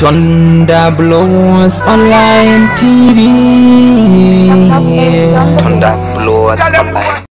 Thunder Blowers Online TV. Thunder Blowers Online.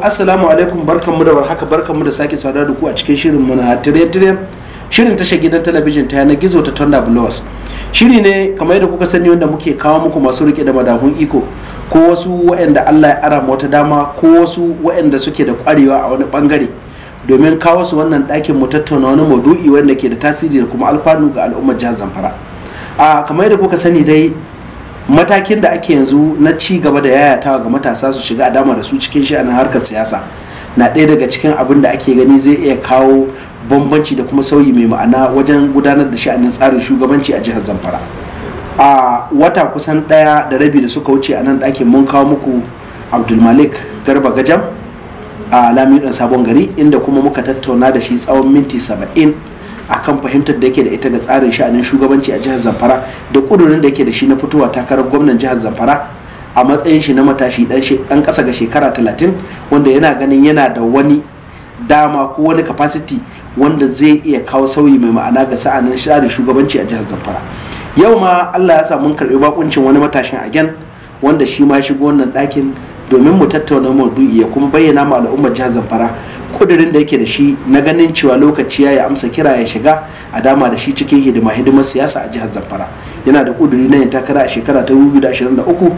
assalamu alaikum barkanmu da warhaka barkanmu da sake saduwa da ku a cikin shirin mu na tire-tire shirin tashar gidan talabijin ta yanar gizo ta Thunder Blowers. Shiri ne kamar yadda kuka sani wanda muke kawo muku masu rike da madahun iko ko wasu waɗanda Allah ya ara wata dama ko wasu waɗanda suke da kwarewa a wani bangare domin kawo su wannan ɗakin mu tattauna wani maudu'i wanda ke da tasiri da kuma alfanu ga al'ummar jihar Zamfara. A kamar yadda kuka sani dai matakin da ake yanzu na ci gaba da yayatawa ga matasa su shiga a dama da su cikin sha'anin harkar siyasa na ɗaya daga cikin abin da ake gani zai iya kawo bambanci da kuma sauyi mai ma'ana wajen gudanar da sha'anin tsarin shugabanci a jihar zamfara a wata kusan ɗaya da rabi da suka wuce a nan ɗakin mun kawo muku abdulmalik garba gajam a lamiɗan sabon gari inda kuma muka tattauna da shi tsawon minti saba'in akan fahimtar da yake da ita ga tsarin sha'anin shugabanci a jihar zamfara da kudurin da yake da shi na fitowa takarar gwamnan jihar zamfara a matsayin shi na matashi dan kasa ga shekara 30 wanda yana ganin yana da wani dama ko wani capacity wanda zai iya kawo sauyi mai ma'ana ga sa'anin sha'anin shugabanci a jihar zamfara yau ma allah ya samu karbi bakuncin wani matashin agen wanda shi ma shigo wannan ɗakin domin mu tattauna maudu'i ya kuma bayyana ma al'ummar jihar zamfara kudirin da yake da shi na ganin cewa lokaci ya amsa kira ya shiga a dama da shi cikin hidima hidimar siyasa a jihar zamfara yana da kuduri na yin takara a shekara ta 2023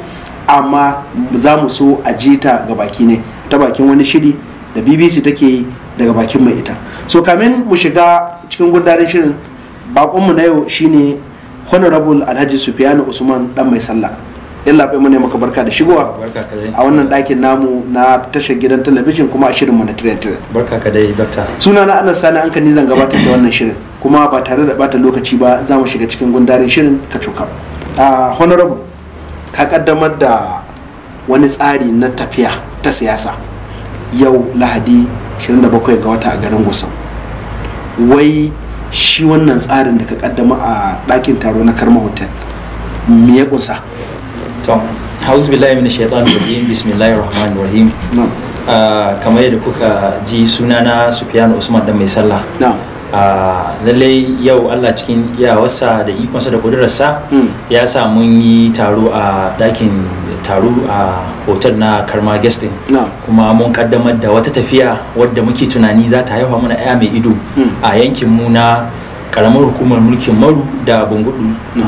amma za mu so a ji ta ga baki ne ta bakin wani shiri da bbc take yi daga bakin mai ita so kamin mu shiga cikin gudanar shirin bakonmu na yau shine honorable alhaji sufiyanu usman dan mai sallah yalla bai mune maka barka da shigowa a wannan ɗakin namu na tashar gidan talabijin kuma a shirin mana tire tire barka ka dai dokta suna na anas sani an kan zan gabatar da wannan shirin kuma ba tare da bata lokaci ba za mu shiga cikin gundarin shirin ka cuka a honorable ka kaddamar da wani tsari na tafiya ta siyasa yau lahadi 27 ga wata a garin gusau wai shi wannan tsarin da ka kaddama a ɗakin taro na karma hotel me ya kunsa to hauz billahi min shaitan rajim bismillahir rahmanir rahim ah, kamar yadda kuka ji sunana sufiyanu usman dan mai sallah ah, lallai yau allah cikin yawarsa da ikonsa da kudurarsa hmm. ya sa mun yi taro a dakin taro a hotel na karma guesting kuma mun kaddamar da wata tafiya wadda muke tunani za ta haifa mana 'ya mai ido hmm. a yankin mu na karamar hukumar mulkin maru da bangudu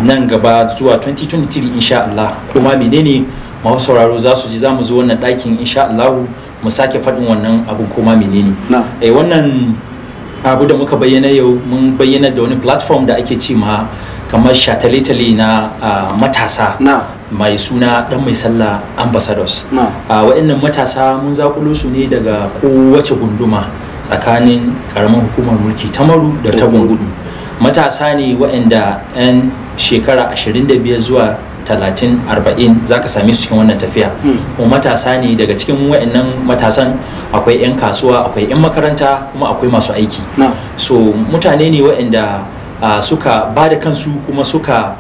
nan gaba zuwa 2023 insha Allah kuma menene masu sauraro za su ji za mu zo wannan dakin insha Allah mu sake faɗin wannan abin kuma menene eh wannan abu da muka bayyana yau mun bayyana da wani platform da ake ce ma kamar shatale-tale na matasa mai suna dan mai sallah ambassadors a waɗannan matasa mun zakulo su ne daga kowace gunduma tsakanin karamar hukumar mulki ta maru da ta gungudu matasa ne waɗanda 'yan shekara 25 zuwa 30 40 za ka same su cikin wannan tafiya hmm. kuma matasa ne daga cikin waɗannan matasan akwai 'yan kasuwa akwai 'yan makaranta kuma akwai masu aiki so mutane ne waɗanda suka ba da kansu kuma suka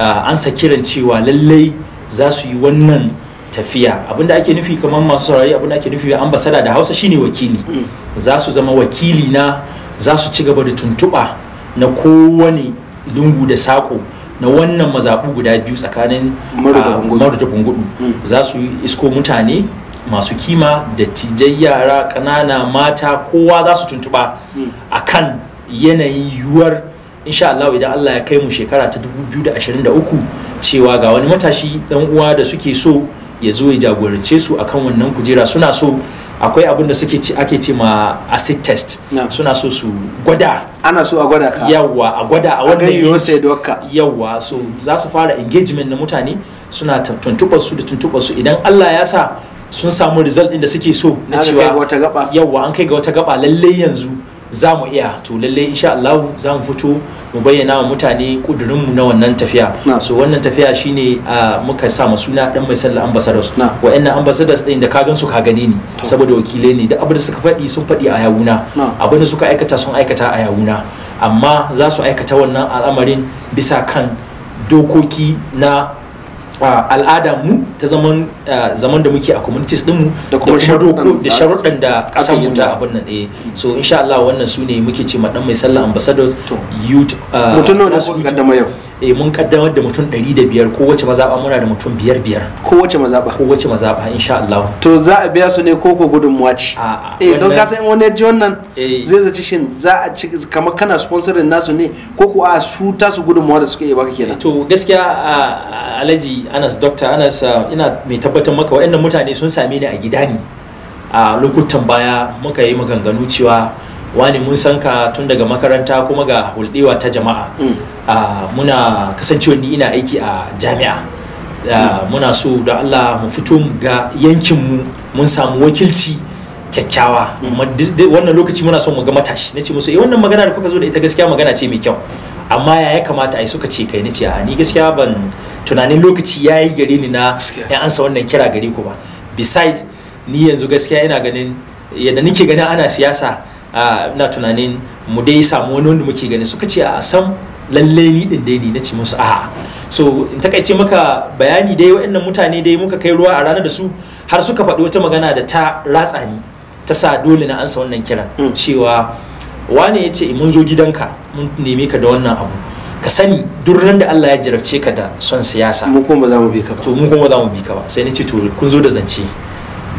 an kiran cewa lallai za su yi wannan tafiya abinda ake nufi kamar masu saurari abinda ake nufi ambasada da hausa shine wakili hmm. za su zama wakili na za su ci gaba da tuntuɓa na kowane lungu da sako na wannan mazaɓu guda biyu tsakanin maru da ah, bungudu hmm. za su isko mutane masu kima da tijai yara ƙanana mata kowa za su tuntuɓa hmm. a kan yanayin yiwuwar insha Allah idan Allah ya kai mu shekara ta 2023 cewa ga wani matashi ɗan uwa da suke so ya zo ya jagorance su akan wannan kujera suna so akwai abin da suke ci ake ce ma acid test suna so su gwada ana so a gwada ka yawa a gwada a wannan yawa so za su fara engagement na mutane suna tuntubar su da tuntubar su idan Allah ya sa sun samu result din da suke so na cewa wata yawa an kai ga wata gaba lalle yanzu za mu iya to lalle insha Allah za mu fito mu bayyana wa mutane kudurinmu na wannan tafiya so wannan tafiya shine ah, muka sa ma suna dan mai sallah ambassadors wa'annan ambassadors din da ka gan su ka gane ni saboda wakilai ne da abin da suka faɗi sun faɗi a yawuna abin da suka aikata sun aikata a yawuna amma za su aikata wannan al'amarin bisa kan dokoki na al'ada mu ta zaman zaman da muke a communities din mu da kuma doko da sharuɗan da kasan mu ta abun nan eh so insha Allah wannan su ne muke ce dan mai sallah ambassadors youth mutum nawa ne suka mai yau eh mun kaddamar da mutum ko wace mazaba muna da mutum biyar biyar wace mazaba wace mazaba insha Allah to za a biya su ne ko ko gudunmuwa ce eh don ka san wani ji wannan eh. zai zaci shin za a ci kamar kana sponsorin nasu ne ko ko a su ta su gudunmuwa da suke yi baka kenan to gaskiya Alhaji Anas Dr Anas ina mai tabbatar maka waɗannan mutane sun same ni a gida ne a lokutan baya muka yi maganganu cewa wani mun san ka tun daga makaranta kuma ga hulɗewa ta jama'a mm. muna kasancewa ni ina aiki a jami'a mm. muna so da Allah mu fito ga yankinmu mun samu wakilci kyakkyawa mm. wannan lokaci muna so mu ga matashi nace musu eh wannan magana da kuka zo da ita gaskiya magana ce mai kyau amma ya ya kamata ai suka ce kai nace a ni gaskiya ban tunanin lokaci yayi gare ni na an ansa wannan kira gare ku ba beside ni yanzu gaskiya ina ganin yadda nake ganin ana siyasa na tunanin mu dai samu wani wanda muke gani suka ce a sam lalle ni din dai ni nace musu a'a so in takaice maka bayani dai waɗannan mutane dai muka kai ruwa a ranar da su har suka faɗi wata magana da ta ratsa ni ta sa dole na ansa wannan kiran hmm. cewa wane ya ce eh, mun zo gidanka mun neme ka da wannan abu ka sani duk ran da Allah ya jarabce ka da son siyasa mu kuma ba za mu bi ka ba to mu kuma ba za mu bi ka ba sai na ce to kun zo da zance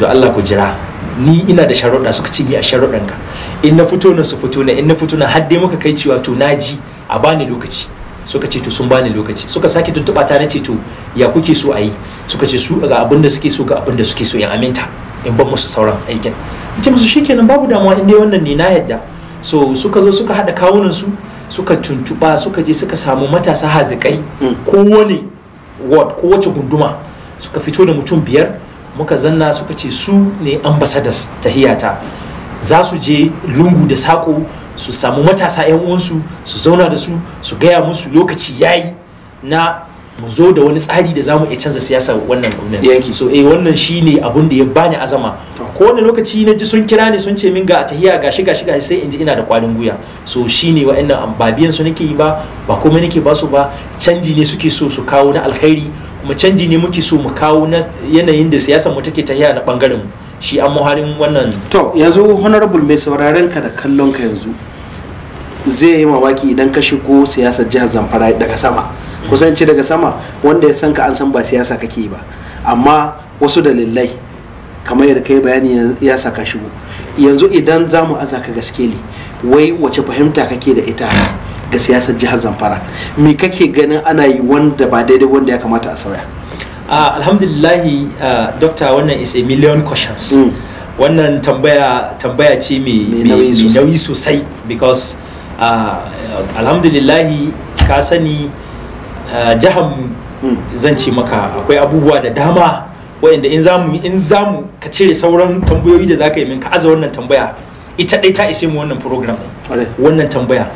da Allah ku jira ni ina da sharuɗa suka ce ni a sharuɗanka in na fito na su fito na in na fito na har dai muka kai cewa to na ji a bani lokaci suka ce to sun bani lokaci suka sake tuntuɓa ta na ce to ya kuke so a yi suka ce su ga abin da suke so ga abin da suke so in aminta in ban musu sauran aikin ce musu shikenan babu damuwa in dai wannan ne na yadda so suka zo suka haɗa kawunan su suka tuntuɓa suka je suka samu matasa hazikai mm. kowane ko kowace gunduma suka fito da mutum biyar muka zanna suka ce su ne ambassadors tahiyata za su je lungu da saƙo su samu matasa 'yan uwansu su zauna da su su gaya musu lokaci yayi na mu zo da wani tsari da zamu iya canza siyasa wannan gwamnati so eh wannan shine abun da ya bani azama ko wani lokaci na ji sun kira ni sun ce min ga a tahiya gashi gashi gashi sai in ji ina da kwarin guya so shine wa'annan ba biyan su nake yi ba ba kuma nake ba su ba canji ne suke so su kawo na alkhairi kuma canji ne muke so mu kawo na yanayin da siyasar mu take tahiya na bangaren mu shi an muharin wannan to yanzu honorable mai sauraren ka da kallon ka yanzu zai yi mamaki idan ka shigo siyasar jihar zamfara daga sama kusanci daga sama wanda ya san ka an san ba siyasa kake ba amma wasu dalilai kamar yadda kai bayani ya saka shigo yanzu idan za mu aza ka gaske ne wai wace fahimta kake da ita ga siyasar jihar zamfara me kake ganin ana yi wanda ba daidai wanda ya kamata a sauya Ah, alhamdulillahi ah, doctor wannan is a million questions hmm. wannan tambaya tambaya ce mai nauyi sosai because ah, alhamdulillahi ka sani jiham hmm. zan ce maka akwai abubuwa da dama wa'inda in zamu in zamu ka cire sauran tambayoyi da zaka yi min ka aza wannan tambaya ita ɗai ta ishe mu wannan program wannan tambaya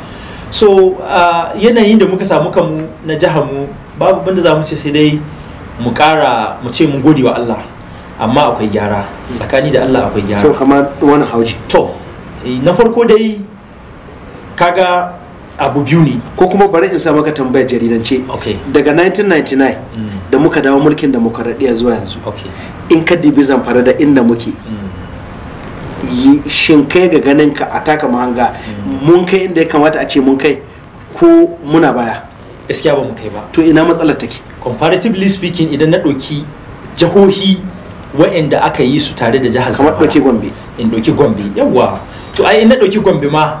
so yanayin da muka samu kamu na mu babu banda za mu ce sai dai mu kara mu ce mun gode wa Allah amma akwai gyara tsakani da Allah akwai gyara to kamar wani hauji to eh, na farko dai kaga abu biyu ne ko kuma bari in sa maka tambayar jaridance okay. daga 1999 mm. da muka dawo mulkin demokaradiyya zuwa yanzu okay. in ka dibi zamfara da inda muke mm. shin kai ga ganin ka a taka mahanga mm. mun kai inda ya kamata a ce mun kai ko muna baya gaskiya ba mu kai ba to ina matsalar take comparatively speaking idan na ɗauki jihohi wa'anda aka yi su tare da jihar kamar ɗauki gombe in ɗauki gombe yawa to ai in na ɗauki gombe ma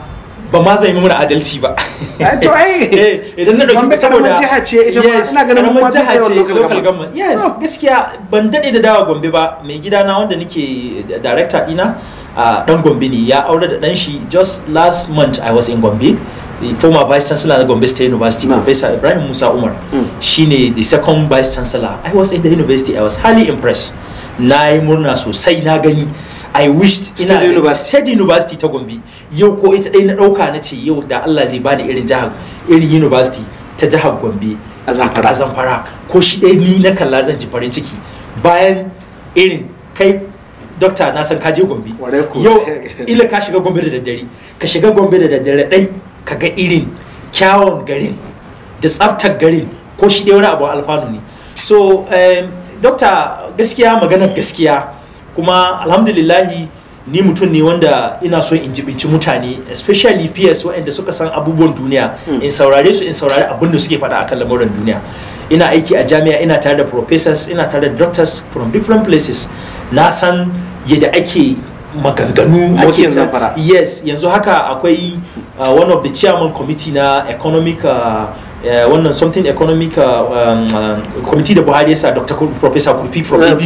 ba ma zai mana adalci ba to ai eh, idan na dauki saboda jiha ce ita ma ina ganin mun jiha ce local government yes oh. gaskiya ban dade da dawa Gombe ba mai gida na wanda nake director dina dan ah, Gombe ne ya aure da dan shi just last month i was in Gombe Mm. former vice chancellor na Gombe State University no. Professor Ibrahim Musa Umar mm. ne the second vice chancellor I was in the university I was highly impressed na yi murna sosai na gani I wished ina State University State University ta Gombe yau ko ita dai na dauka na ce yau da Allah zai bani irin jihar irin university ta jihar Gombe a Zamfara ko shi dai ni na kalla zan ji farin ciki bayan irin kai dokta na san ka je Gombe yau ila ka shiga Gombe da daddare ka shiga Gombe da daddare dai ka ga irin kyawun garin da tsaftar garin ko shi dai wani abu alfanu ne so dokta gaskiya maganar gaskiya kuma alhamdulillahi ni mutum ne wanda ina so in jibinci mutane especially ps waɗanda suka san abubuwan duniya hmm. in saurare su in saurari abin da suke faɗa akan lamuran duniya ina aiki a jami'a ina tare da professors ina tare da doctors from different places na san yadda ake maganganu zamfara yes yanzu haka akwai uh, one of the chairman committee na economic uh, uh wannan something economic uh, um, um, committee da buhari yasa dr professor kurfi from yeah,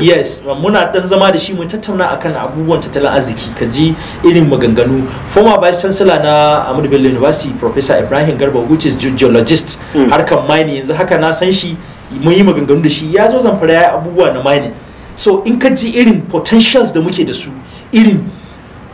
yes muna dan zama da shi mu tattauna akan abubuwan tattalin arziki ka ji irin maganganu former vice chancellor na ahmadu bello university professor ibrahim garba which is geologist hmm. harkar mining yanzu haka na san shi mun yi maganganu da shi ya zo zamfara ya abubuwa na mining so in ka ji irin potentials da muke da su irin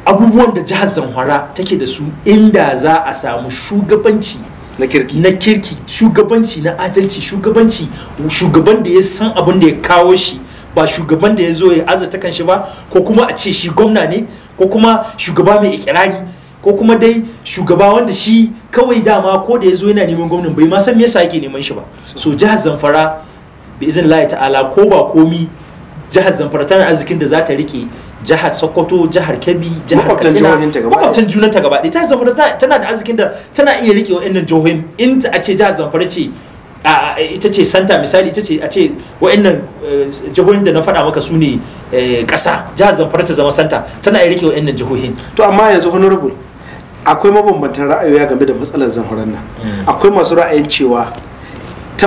abubuwan da jihar zamfara take da su inda za a samu shugabanci na kirki na kirki shugabanci na adalci shugabanci shugaban da ya san abin da ya kawo shi ba shugaban da ya zo ya azurta kan shi ba ko kuma a ce shi gwamna ne ko kuma shugaba mai ikirari ko kuma dai shugaba wanda shi kawai dama ko da ya zo yana neman gwamnan bai ma san me yasa yake neman shi ba so jihar zamfara bi izin ta'ala ko ba komi jihar zamfara tana arzikin da za ta rike jihar sokoto jihar kebbi jihar katsina makwabtan junanta gaba ɗaya jihar zamfara tana da arzikin da tana iya rike wa'annan jihohin in a ce jihar zamfara ce ita ce santa misali ita ce a ce wa'annan eh, jihohin da na faɗa maka su ne eh, ƙasa jihar zamfara ta zama santa tana iya rike wa'annan jihohin to amma yanzu honorable akwai mabambantan ra'ayoyi game da matsalar zamfara nan hmm. akwai masu ra'ayin cewa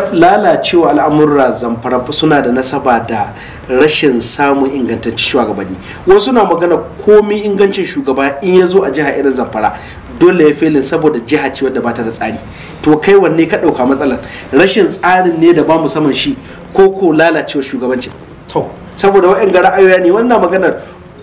lalacewa al'amurra zamfara suna da nasaba da rashin samun ingantaccen shugabanni wasu na magana komi ingancin shugaba in ya zo a jiha irin zamfara dole ya filin saboda jiha ce wadda bata da tsari to kai wanne ka ɗauka matsalar rashin tsarin ne da ba mu saman shi ko ko lalacewa shugabanci saboda wa'in ga ra'ayoyi ne wannan maganar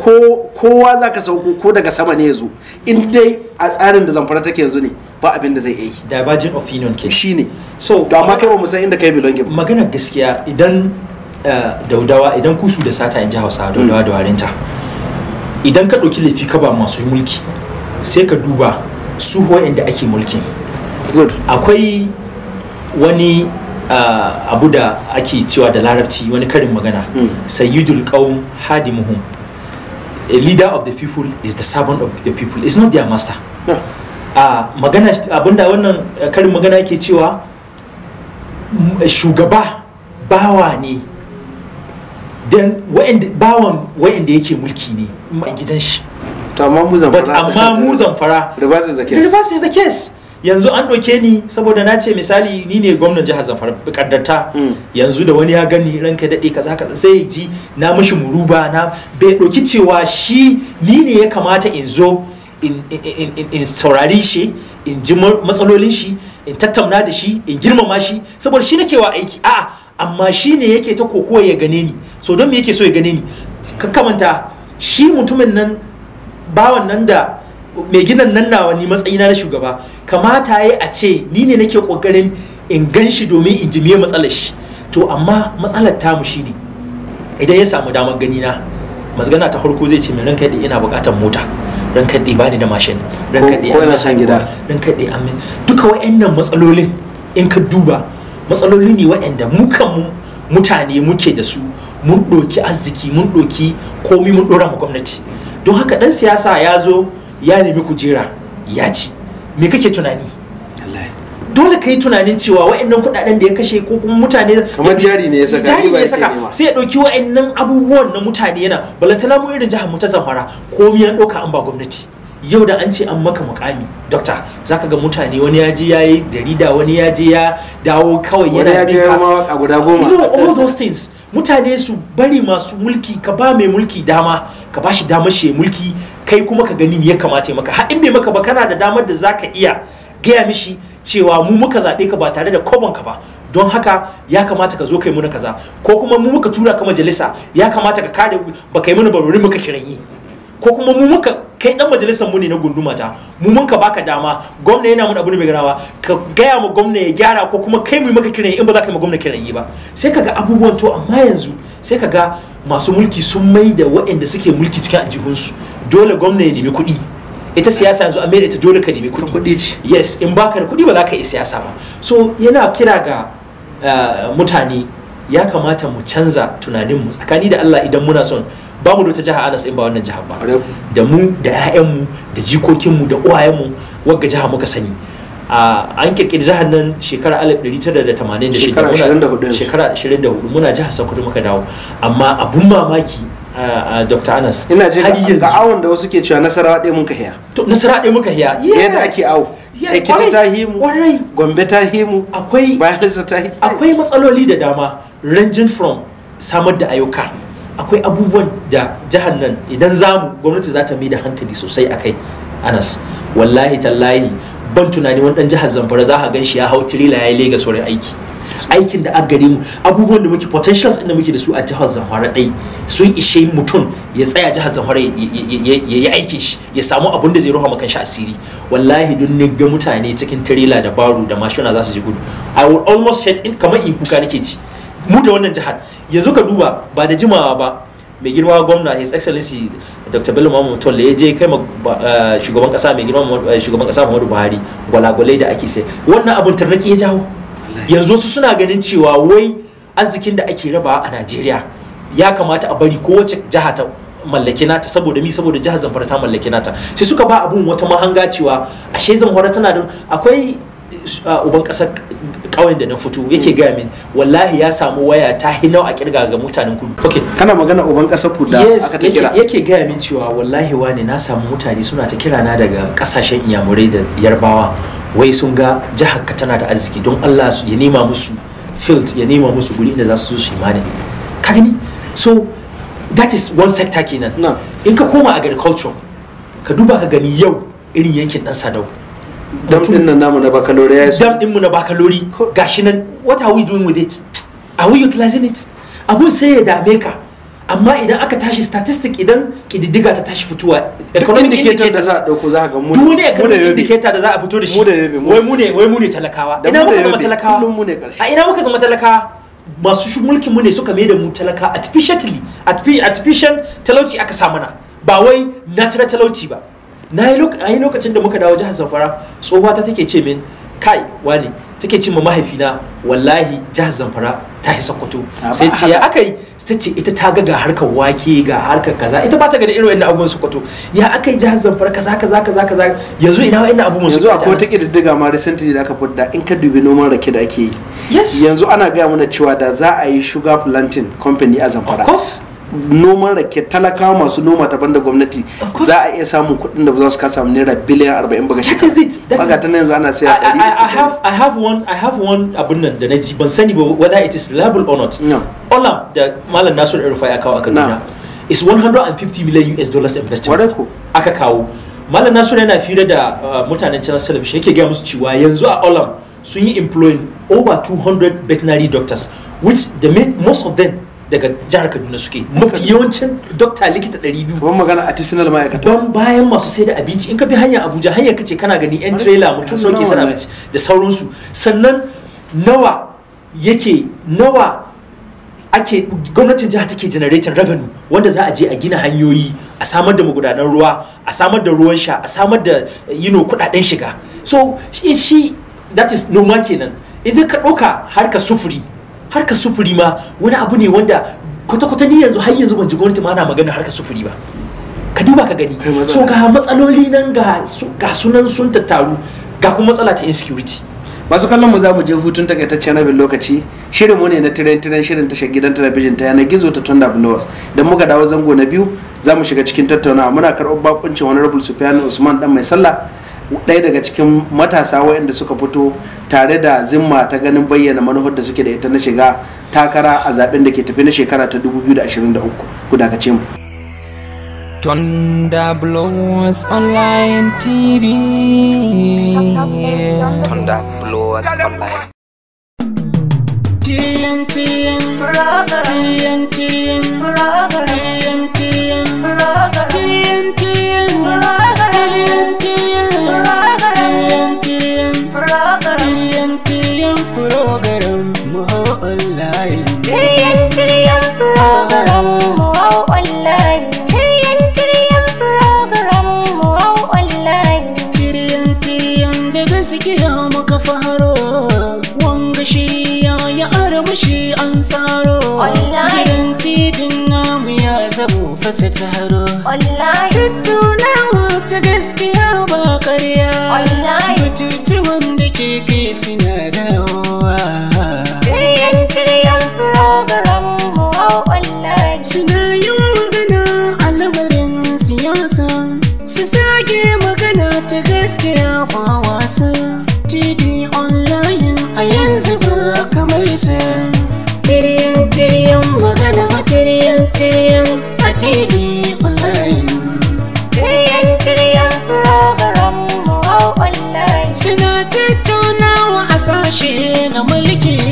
ko kowa za ka sauko ko daga sama ne zo in dai a tsarin da zamfara take yanzu ne ba abin da zai iya yi divergent opinion ke shi ne so da amma kai ba mu san inda kai belonging ba magana gaskiya idan eh, daudawa idan kusu da sata in ji hausa hmm. daudawa da warinta idan ka ɗauki laifi ka ba masu mulki sai ka duba su inda ake mulki akwai wani eh, abu da ake cewa da larabci wani karin magana hmm. sayyidul qaum hadimuhum a leader of the people is the servant of the people is not their master a ah, magana abinda wannan eh, karin magana yake cewa mm, shugaba bawa ne dan bawan wa'anda yake mulki ne a gidan shi to amma mu zamfara amma mu reverse is the case reverse is the case yanzu an ɗauke ni saboda na ce misali ni ne gwamnan jihar zamfara kaddata mm. yanzu da wani ya gani ranka daɗe kaza kaza sai ya ji na mashi muruba na bai ɗauki cewa shi ni ne ya kamata in zo in saurari shi in ji matsalolin shi in tattauna da shi in girmama shi saboda shi nake wa aiki a'a amma shi ne yake ta kokowa ya gane ni so don me yake so ya gane ni kakkamanta shi mutumin nan bawan nan da mai ginan nan nawa ni matsayina na shugaba kamata ya a ce ni ne nake kokarin in gan shi domin in jimiye matsalar shi to amma matsalar ta shi shine idan ya samu damar gani na mazgana ta farko zai ce mai ranka da ina bukatar mota ranka ba bani da mashin ranka da ina san gida ranka da amin duka wayannan matsalolin in ka duba matsaloli ne wayanda mu mutane muke da su mun ɗoki arziki mun ɗoki komi mun ɗora ma gwamnati don haka ɗan siyasa ya zo ya nemi kujera ya ci me kake tunani dole ka yi tunanin cewa wa'annan kudaden da ya kashe ko kuma mutane kamar jari ne ya saka jari ne ya saka sai ya dauki wa'annan abubuwan na mutane yana balantana mu irin jihar mu ta zamfara komai ya dauka an ba gwamnati yau da an ce an maka mukami dokta zaka ga mutane wani ya je yayi jarida wani ya je ya dawo kawai yana ya je a guda goma you know all those things mutane su bari masu mulki ka ba mai mulki dama ka ba shi damar shi mulki kai kuma ka gani ya kamata maka har in bai maka ba kana da damar da zaka iya gaya mishi cewa mu muka zaɓe ka ba tare da kobon ka ba don haka ya kamata ka zo kai muna kaza ko kuma mu muka tura ka majalisa ya kamata ka kare ba kai mana barori muka kiran yi ko kuma mu muka kai dan majalisar mu ne na gunduma ta mu mun ka baka dama gwamna yana mun abu ne mai garawa ka gaya ma gwamna ya gyara ko kuma kai mu maka kiran yi in ba za ka yi ma gwamna kiran yi ba sai kaga abubuwan to amma yanzu sai kaga masu mulki sun mai da waɗanda suke mulki cikin ajihunsu dole gwamna ya nemi kuɗi ita siyasa yanzu an ita dole ka nemi kuɗi ce yes in baka da kuɗi ba za ka yi siyasa ba so yana kira ga eh, mutane ya kamata mu canza tunaninmu tsakani da Allah idan muna son ba mu da wata jiha anas in ba wannan jihar ba da mu da 'ya'yanmu da jikokinmu da uwayenmu wagga jiha muka sani an kirkiri jihar nan shekara 1986 shekara 24 muna jihar sokoto muka dawo amma abun mamaki dr anas ina je ga awon da wasu ke cewa nasarawa ɗaya muka hiya to nasarawa ɗaya muka hiya yadda ake awo ekiti ta himu gombe ta himu akwai bayansa ta himu akwai matsaloli da dama ranging from samar da ayyuka akwai abubuwan da jihar nan idan zamu gwamnati za ta mai da hankali sosai akai anas wallahi tallahi ban tunani wani dan jihar zamfara za a gan shi ya hau tirila ya yi legas wurin aiki aikin da aka mu abubuwan da muke potentials inda muke da su a jihar zamfara ɗai sun ishe mutum ya tsaya jihar zamfara ya yi aikin shi ya samu abun da zai ruha maka shi asiri wallahi don ne ga mutane cikin tirela da baro da mashina za su je gudu i will almost shed in kamar in kuka nake ji mu da wannan jihar yanzu ka duba ba da jimawa ba mai girma gwamna his excellency dr bello mamu tolle ya je kai ma eh, shugaban kasa mai girma eh, shugaban kasa muhammadu buhari gwalagwalai da ake sai wannan abun tarnaki ya jawo yanzu wasu suna ganin cewa wai arzikin da ake rabawa a najeriya ya kamata a bari kowace jiha ta mallaki nata saboda mi saboda jihar zamfara ta mallaki nata sai suka ba abun wata mahanga cewa ashe zamfara tana da akwai uban ƙasar ƙauyen da na fito yake gaya min wallahi ya samu waya ta hinau a kirga ga mutanen kudu kana magana uban ƙasar ku da aka ta kira yake gaya min cewa wallahi wani na samu mutane suna ta kira na daga ƙasashen iyamurai da yarbawa wai sun ga jihar ka tana da arziki don Allah su ya nema musu field ya nema musu guri inda za su su imani ka gani so that is one sector kenan in ka koma agriculture ka duba ka gani yau irin yankin dan sadau dam din nan namu na bakalori ya dam din mu na bakalori gashi nan what are we doing with it are we utilizing it abun sai ya dame ka amma idan aka tashi statistic idan kididdiga ta tashi fituwa economic indicator da za a dauko za ga mu ne economic indicator da za a fito da shi wai mu ne wai mu ne talakawa ina muka zama talakawa mu ne karshe a ina muka zama talakawa masu mulkin mu ne suka mai da mu talaka artificially artificial talauci aka sa mana ba wai natural talauci ba na yi lokacin da muka dawo jihar zamfara tsohuwa ta take ce min kai wani take ce ma mahaifina wallahi jihar zamfara ta yi sokoto sai ce ya aka yi sai ce ita ta ga harkar wake ga harkar kaza ita ba ta gani irin wa'annan abubuwan sokoto ya aka yi jihar zamfara kaza kaza kaza kaza yanzu ina wa'annan abubuwan sakkwato yanzu akwai wata kididdiga ma recently da aka fudda in ka dubi noman rake da ake yi yanzu ana gaya mana cewa da za a yi sugar planting company a zamfara of course noman rake talaka masu noma ta banda gwamnati za a iya samun kuɗin da ba za su kasa naira biliyan 40 ba ga shekara ba ga tana yanzu ana saya I have I have one I have one abun nan da na ji ban sani ba whether it is reliable or not no. Olam da Malam Nasir Rufai aka kawo a nuna is 150 million US dollars investment aka kawo Malam Nasir yana fira da uh, mutanen Channel Television yake ga musu cewa yanzu a Olam sun yi employing over 200 veterinary doctors which the most of them daga jihar kaduna suke mafi yawancin dokta likita 200 kuma magana a artisanal ma'aikata don bayan masu sai da abinci in ka bi hanyar abuja hanyar kace kana gani yan trela mutum ne ke sana abinci da sauransu sannan nawa yake nawa ake gwamnatin jihar take generating revenue wanda za a je a gina hanyoyi a samar da magudanan ruwa a samar da ruwan sha a samar da yino kudaden shiga so shi that is noma kenan idan ka ɗauka harka sufuri harkar sufuri ma wani abu ne wanda kwata-kwata ni yanzu har yanzu ban ji gwamnati ma na magana harkar sufuri ba ka duba ka gani so ga matsaloli nan ga sunan sun tattaru ga kuma matsala ta insecurity masu kallon mu za mu je hutun takaitaccen rabin lokaci shirin mu ne na tiren tiren shirin tashar gidan talabijin ta yanar gizo ta tunda blowers don muka dawo zango na biyu za mu shiga cikin tattaunawa muna karɓar bakuncin wani rabul sufiyan usman dan mai sallah ɗaya daga cikin matasa waɗanda suka fito tare da zimma ta ganin bayyana manufar da suke da ita na shiga takara a zaben da ke tafi na shekara ta 2023 guda dakace mu Tonda Blowers Online TV. Tonda Blowers Online. TNTN, rasa taro tattaunawa ta gaskiya ba karya batutuwan da ke kai suna dawowa kiryan kiryan program mu oh,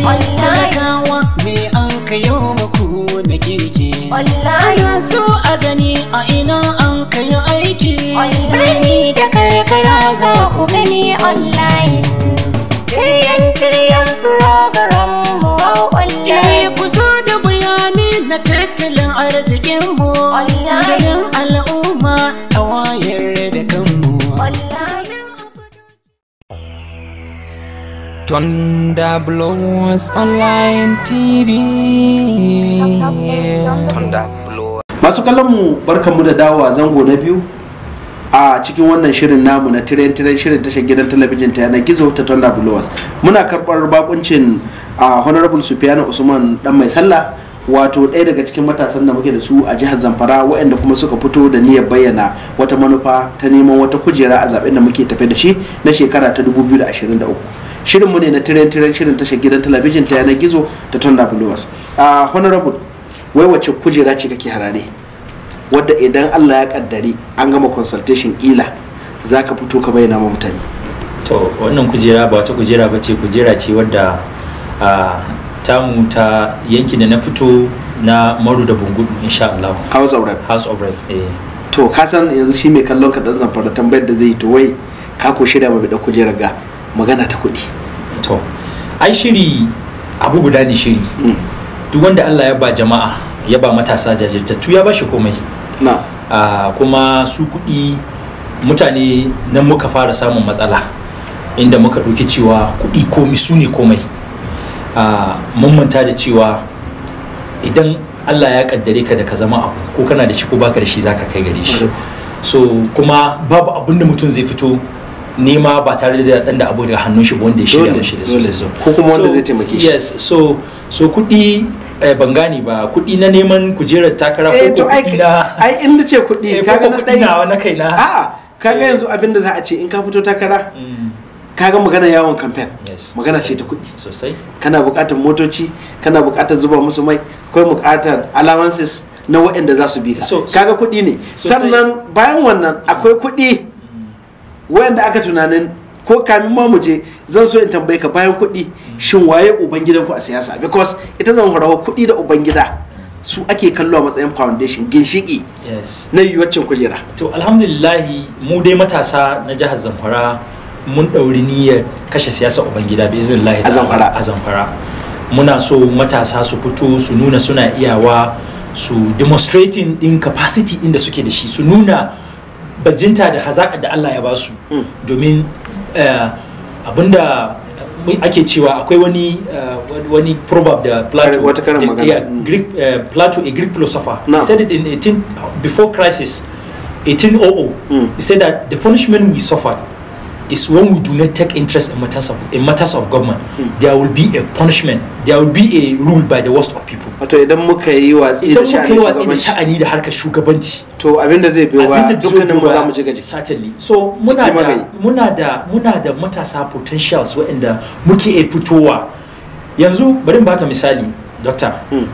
Neman talakawa me an kayo maku na kirki. Ana so a gani a ina an kayo aiki. Birni da karkara za ku gani online. Tiryan tiryan program mu online. ya ku zo da bayani na tattalin arzikin mu. Ganin al'umma a wayar da Thunder Blows Online TV. Masu kallonmu barkanmu da dawowa zango na biyu a cikin wannan shirin namu na tiren tiren shirin tashar gidan talabijin ta yanar gizo ta Thunder blowers. Muna karɓar bakuncin a Honorable Sufiyana Usman dan mai sallah wato ɗaya daga cikin matasan da muke da su a jihar zamfara waɗanda kuma suka fito da niyyar bayyana wata manufa ta neman wata kujera a zaɓen da muke tafe da shi na shekara ta 2023 shirin mu ne na tiren tiren shirin tashar gidan talabijin ta yanar gizo ta tonda bluwas a honorable wai wacce kujera ce kake harare wadda idan allah ya kaddare an gama consultation kila za ka fito ka bayyana ma mutane to wannan kujera ba wata kujera ba ce kujera ce wadda tamu ta yankin da na fito na maru da bungudu insha Allah house of rep house of rep eh. to ka yanzu shi mai kallon ka dan zamfara tambayar da zai to wai ka ko shirya ba bi da kujerar ga magana ta kuɗi to ai shiri abu guda ne shiri mm. duk wanda Allah ya ba jama'a ya ba matasa jajirtattu ya ba shi komai na ah, kuma su kuɗi mutane nan muka fara samun matsala inda muka ɗauki cewa kuɗi komi su ne komai ah, mun da cewa idan Allah ya kaddare ka da ka zama abu ko kana da shi ko baka da shi zaka kai gare shi so kuma babu abin da mutum zai fito nema ba tare da dan da abu daga hannun shi ba wanda ya shirya shi da sosai so ko kuma wanda zai taimake shi yes so so kudi eh, ban gani ba kudi na neman kujerar takara ko eh, to ai ai in da ce kudi eh, kaga na dai na kai na a kaga eh. yanzu abin da za a ce in ka fito takara mm. kaga magana yawon campaign magana ce ta kudi. sosai kana buƙatar motoci kana buƙatar zuba musu mai kai buƙatar allowances na waɗanda za su bi ka kaga kudi ne sannan bayan wannan akwai kudi. wayanda aka tunanin ko kamin ma mu je zan so in tambaye ka bayan kuɗi shin waye ubangidan ku a siyasa because ita zan horawa kuɗi da ubangida su ake kallo a matsayin foundation ginshiki na yiwuwaccin kujera to alhamdulillahi mu dai matasa na jihar zamfara mun ɗauri niyyar kashe siyasa ubangida bi izin lahi a zamfara muna so matasa su fito su nuna suna iyawa su demonstrating din capacity inda suke da shi su nuna bajinta da hazaka da Allah ya ba su hmm. domin eh, abinda ake cewa akwai wani eh, wani proverb da Plato wata karin magana Greek eh, Plato a Greek philosopher he said it in 18 before crisis 1800 hmm. he said that the punishment we suffered is when we do not take interest in matters of in matters of government mm. there will be a punishment there will be a rule by the worst of people wato idan muka yi watsi da sha'ani idan muka yi watsi da sha'ani da harkar shugabanci to abinda zai biyo ba dukkanin mu za mu ji gaji certainly so muna da muna da muna da matasa potentials waɗanda muke fitowa yanzu bari baka misali doctor hmm.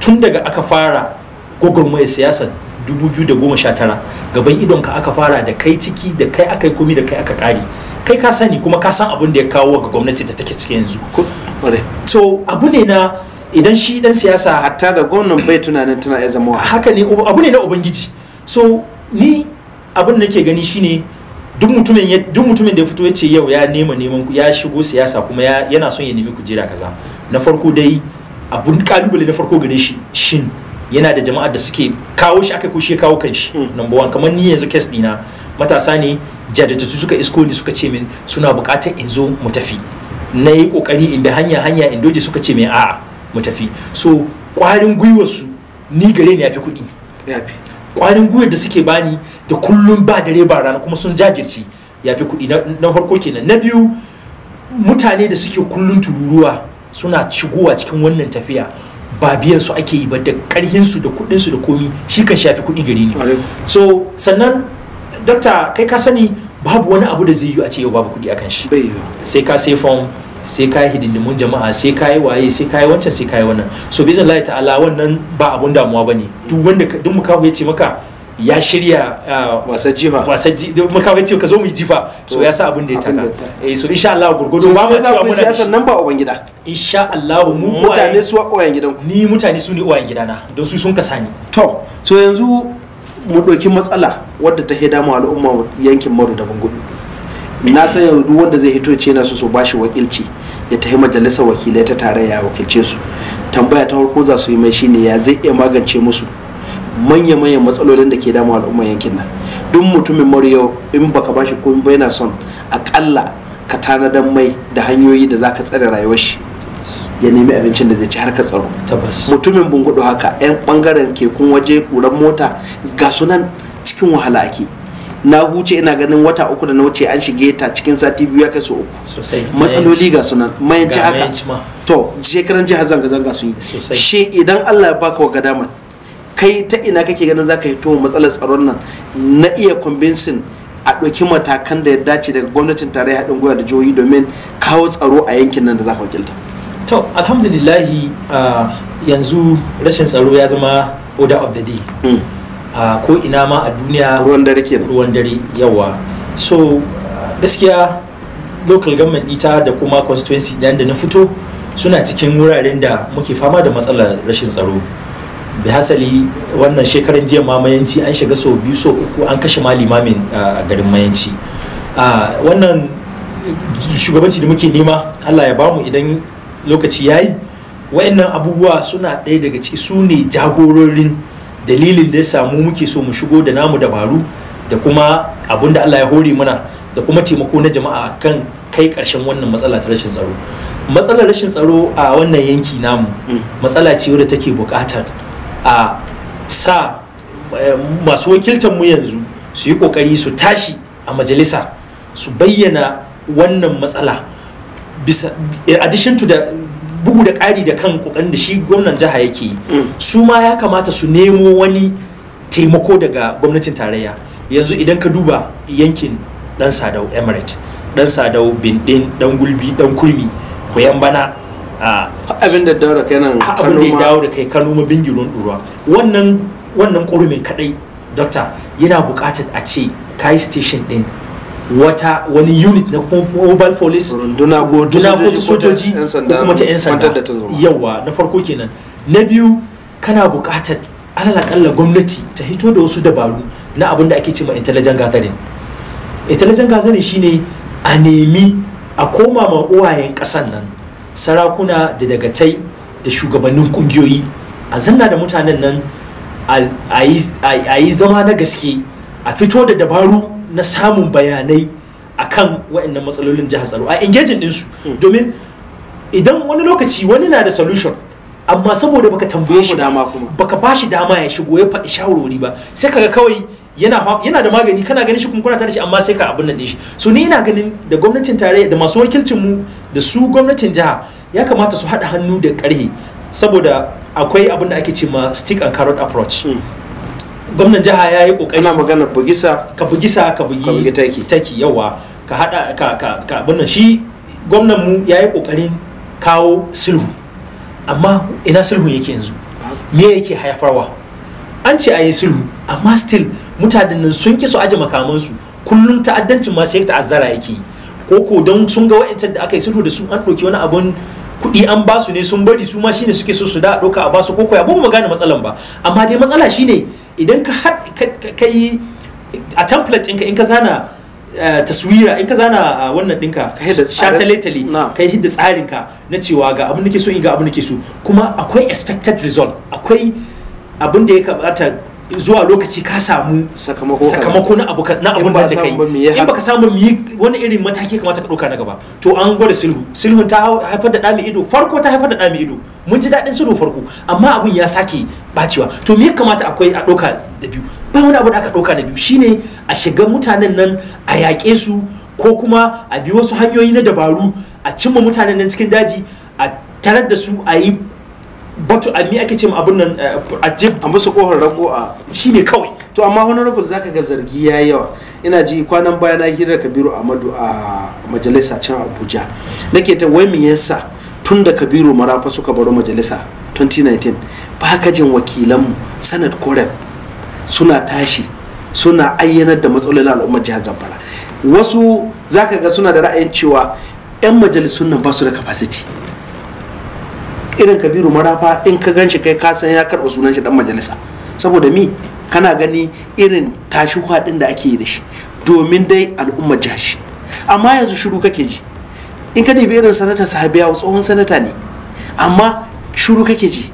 tun daga aka fara gwagwarmayar siyasar 2019 gaban idonka aka fara da kai ciki da kai aka yi komi da kai aka kare kai ka sani kuma ka san abin da ya kawo ga gwamnati da take ciki yanzu to abu ne na idan shi dan siyasa hatta da gwamnan bai tunanin tana ya zama haka ne abu ne na ubangiji so ni abin da nake gani shine duk mutumin duk mutumin da ya fito ya ce yau ya nema neman ku ya shigo siyasa kuma yana son ya nemi kujera kaza na farko dai abun kalubale na farko gare shi shin yana da jama'a da suke kawo shi aka kushe kawo kanshi hmm. number one kamar ni yanzu kes dina matasa ne jadatattu suka isko ni suka ce min suna bukatar in zo mu tafi na yi kokari in bi hanya hanya in doje suka ce min a'a mu tafi so kwarin gwiwar su ni gare ni yafi kuɗi kwarin gwiwar da suke bani da kullum ba dare ba rana kuma sun jajirce yafi kuɗi na farko kenan na biyu mutane da suke kullun tururuwa suna shigowa cikin wannan tafiya ba biyan su ake yi ba da karhin su da kudin su da komi shi kan shafi kudi gari ne so sannan dokta kai ka sani babu wani abu da zai yi a ce yau babu kuɗi akan shi sai ka sai form sai ka hidindimun jama'a sai ka yi waye sai ka yi wancan sai ka yi wannan so bizin lai ta'ala wannan ba abun damuwa bane duk wanda duk kawo ya ce maka ya shirya ah, wasa jifa wasa ka zo mu yi jifa so ya sa abin da ya taka eh so insha Allah gurgudu ba mu cewa muna siyasar nan ba uban gida insha Allah mu mutane su wa uban gidan ni mutane su ne uban gidana don su sun kasani to so yanzu mu doki matsala wadda ta hidama al'umma yankin maru da bangudu na san yau duk wanda zai hito ce na su su bashi wakilci ya tafi majalisar wakilai ta tarayya ya wakilce su tambaya ta farko za su yi mai shine ya zai iya magance musu manya-manyan matsalolin da ke damu al'umma yankin nan duk mutumin mariyo in baka bashi komai ba yana son akalla ka tanadan mai da hanyoyi da zaka tsare rayuwar shi ya nemi abincin da zai ci har ka tsaro mutumin bungudu haka yan bangaren kekun waje kuran mota ga sunan cikin wahala ake na huce ina ganin wata uku da na wuce an shige ta cikin sati biyu ya kai su uku matsaloli ga sunan mayanci haka to shekaran jihar zanga-zanga sun yi shi idan allah ya baka wa gadaman kai ta ina kake ganin za ka hito matsalar tsaron nan na iya kwambinsin a ɗauki matakan da ya dace daga gwamnatin tarayya haɗin gwiwa da jihohi domin kawo tsaro a yankin nan da za ka wakilta to alhamdulillahi yanzu rashin tsaro ya zama order of the day hmm. ko ina ma a duniya ruwan dare kenan ruwan dare yawa so gaskiya local government ita da kuma constituency da na fito suna cikin wuraren da muke fama da matsalar rashin tsaro Bihasali, hasali wannan shekaran jiya ma mayanci an shiga so biyu so uku an kashe ma limamin a garin mayanci wannan shugabanci da muke nema allah ya bamu idan lokaci yayi yi wa'annan abubuwa suna ɗaya daga ciki su ne jagororin dalilin da ya samu muke so mu shigo da namu dabaru da kuma abun allah ya hore mana da kuma taimako na jama'a kan kai ƙarshen wannan matsala ta rashin tsaro matsalar rashin tsaro a wannan yanki namu mm. matsala ce wadda take buƙatar a sa eh, masu wakiltar mu yanzu su yi kokari su tashi a majalisa su bayyana wannan matsala bisa addition to da bugu da ƙari da kan kokarin da shi gwamnan jiha yake yi mm. su ma ya kamata su nemo wani taimako daga gwamnatin tarayya yanzu idan ka duba yankin dan sadau emirate dan sadau bindin dan gulbi dan kurmi koyan bana abin da dawo da kanuma. abin da ya dawo da kai kanuma ma wannan wannan ƙurumin kadai doctor yana buƙatar a ce kai station ɗin wata wani unit na mobile police runduna ko sojoji ko kuma ta 'yan sanda yawa na farko kenan na biyu kana buƙatar alalakalla gwamnati ta hito da wasu dabaru na abin da ake ce ma intelligent gathering intelligent gathering shine a nemi a koma ma uwayen kasan nan sarakuna da dagatai da shugabannin kungiyoyi a zanna da mutanen nan a yi zama na gaske a fito da dabaru na samun bayanai a akan waɗannan matsalolin jihar tsaro a engaging ɗinsu hmm. domin idan wani lokaci wani na da solution amma saboda baka tambaye shi baka ba shi dama ya shigo ya faɗi shawarwari ba sai kaga kawai yana da magani kana ganin shi kuma kuna tare shi amma sai ka abin nan shi so ni ina ganin da gwamnatin tare da masu wakilcin mu da su gwamnatin jiha ya kamata su haɗa hannu da ƙarhe saboda akwai abin da ake ce ma stick and carrot approach hmm. gwamnan jiha ya yi ƙoƙari ana magana bugisa ka bugisa ka bugi taki taki yawa ka haɗa ka ka ka nan shi gwamnan mu ya yi ƙoƙarin kawo sulhu amma ina sulhu yake yanzu me yake haifarwa an ce a yi sulhu amma still mutanen sun ki su aje makamansu kullum ta'addancin ma sai ta'azzara yake ko ko don sun ga wa'ancan da aka yi sulhu da su an ɗauki wani abun kuɗi an ba su ne sun bari su ma shine suke so su da ɗauka a ba su ko ko ya mu gane matsalan ba amma dai matsala shine idan ka ka yi a template ɗinka in ka zana eh, taswira in ka zana ah, wannan ɗinka shataletale ka yi hidda tsarinka na cewa ga abin ke so in ga abin ke so kuma akwai expected result akwai abin da ya kamata zuwa lokaci ka samu sakamako na abu na abun da kai in baka samu mi wani irin mataki kamata ka dauka na gaba to an gwada sulhu sulhun ta haifar da dami ido farko ta haifar da dami ido mun ji dadin sulhu farko amma abun ya sake bacewa to me kamata akwai a dauka da biyu ba wani abu da aka dauka na biyu shine a shiga mutanen nan a yaƙe su ko kuma a bi wasu hanyoyi na dabaru a cimma mutanen nan cikin daji a tarar da su a yi batu a mi ake ce ma abun nan eh, a jib a musu kohon rago a shine kawai to amma honorable zaka ga zargi ya yawa ina ji kwanan baya na hira kabiru amadu a majalisa can abuja nake ta wai me yasa tun da kabiru marafa suka baro majalisa 2019 ba ka jin wakilanmu sanad korep suna tashi suna ayyanar da matsalolin al'ummar jihar zamfara wasu zaka ga suna da ra'ayin cewa 'yan majalisun nan ba su da kafasiti. irin kabiru marafa in ka ganshi kai kasan ya karɓa sunan shi dan majalisa saboda mi kana gani irin tashi din da ake yi da shi domin dai al'ummar jihar shi amma yanzu shiru kake ji in ka dibi irin sanata sahabiya tsohon sanata ne amma shiru kake ji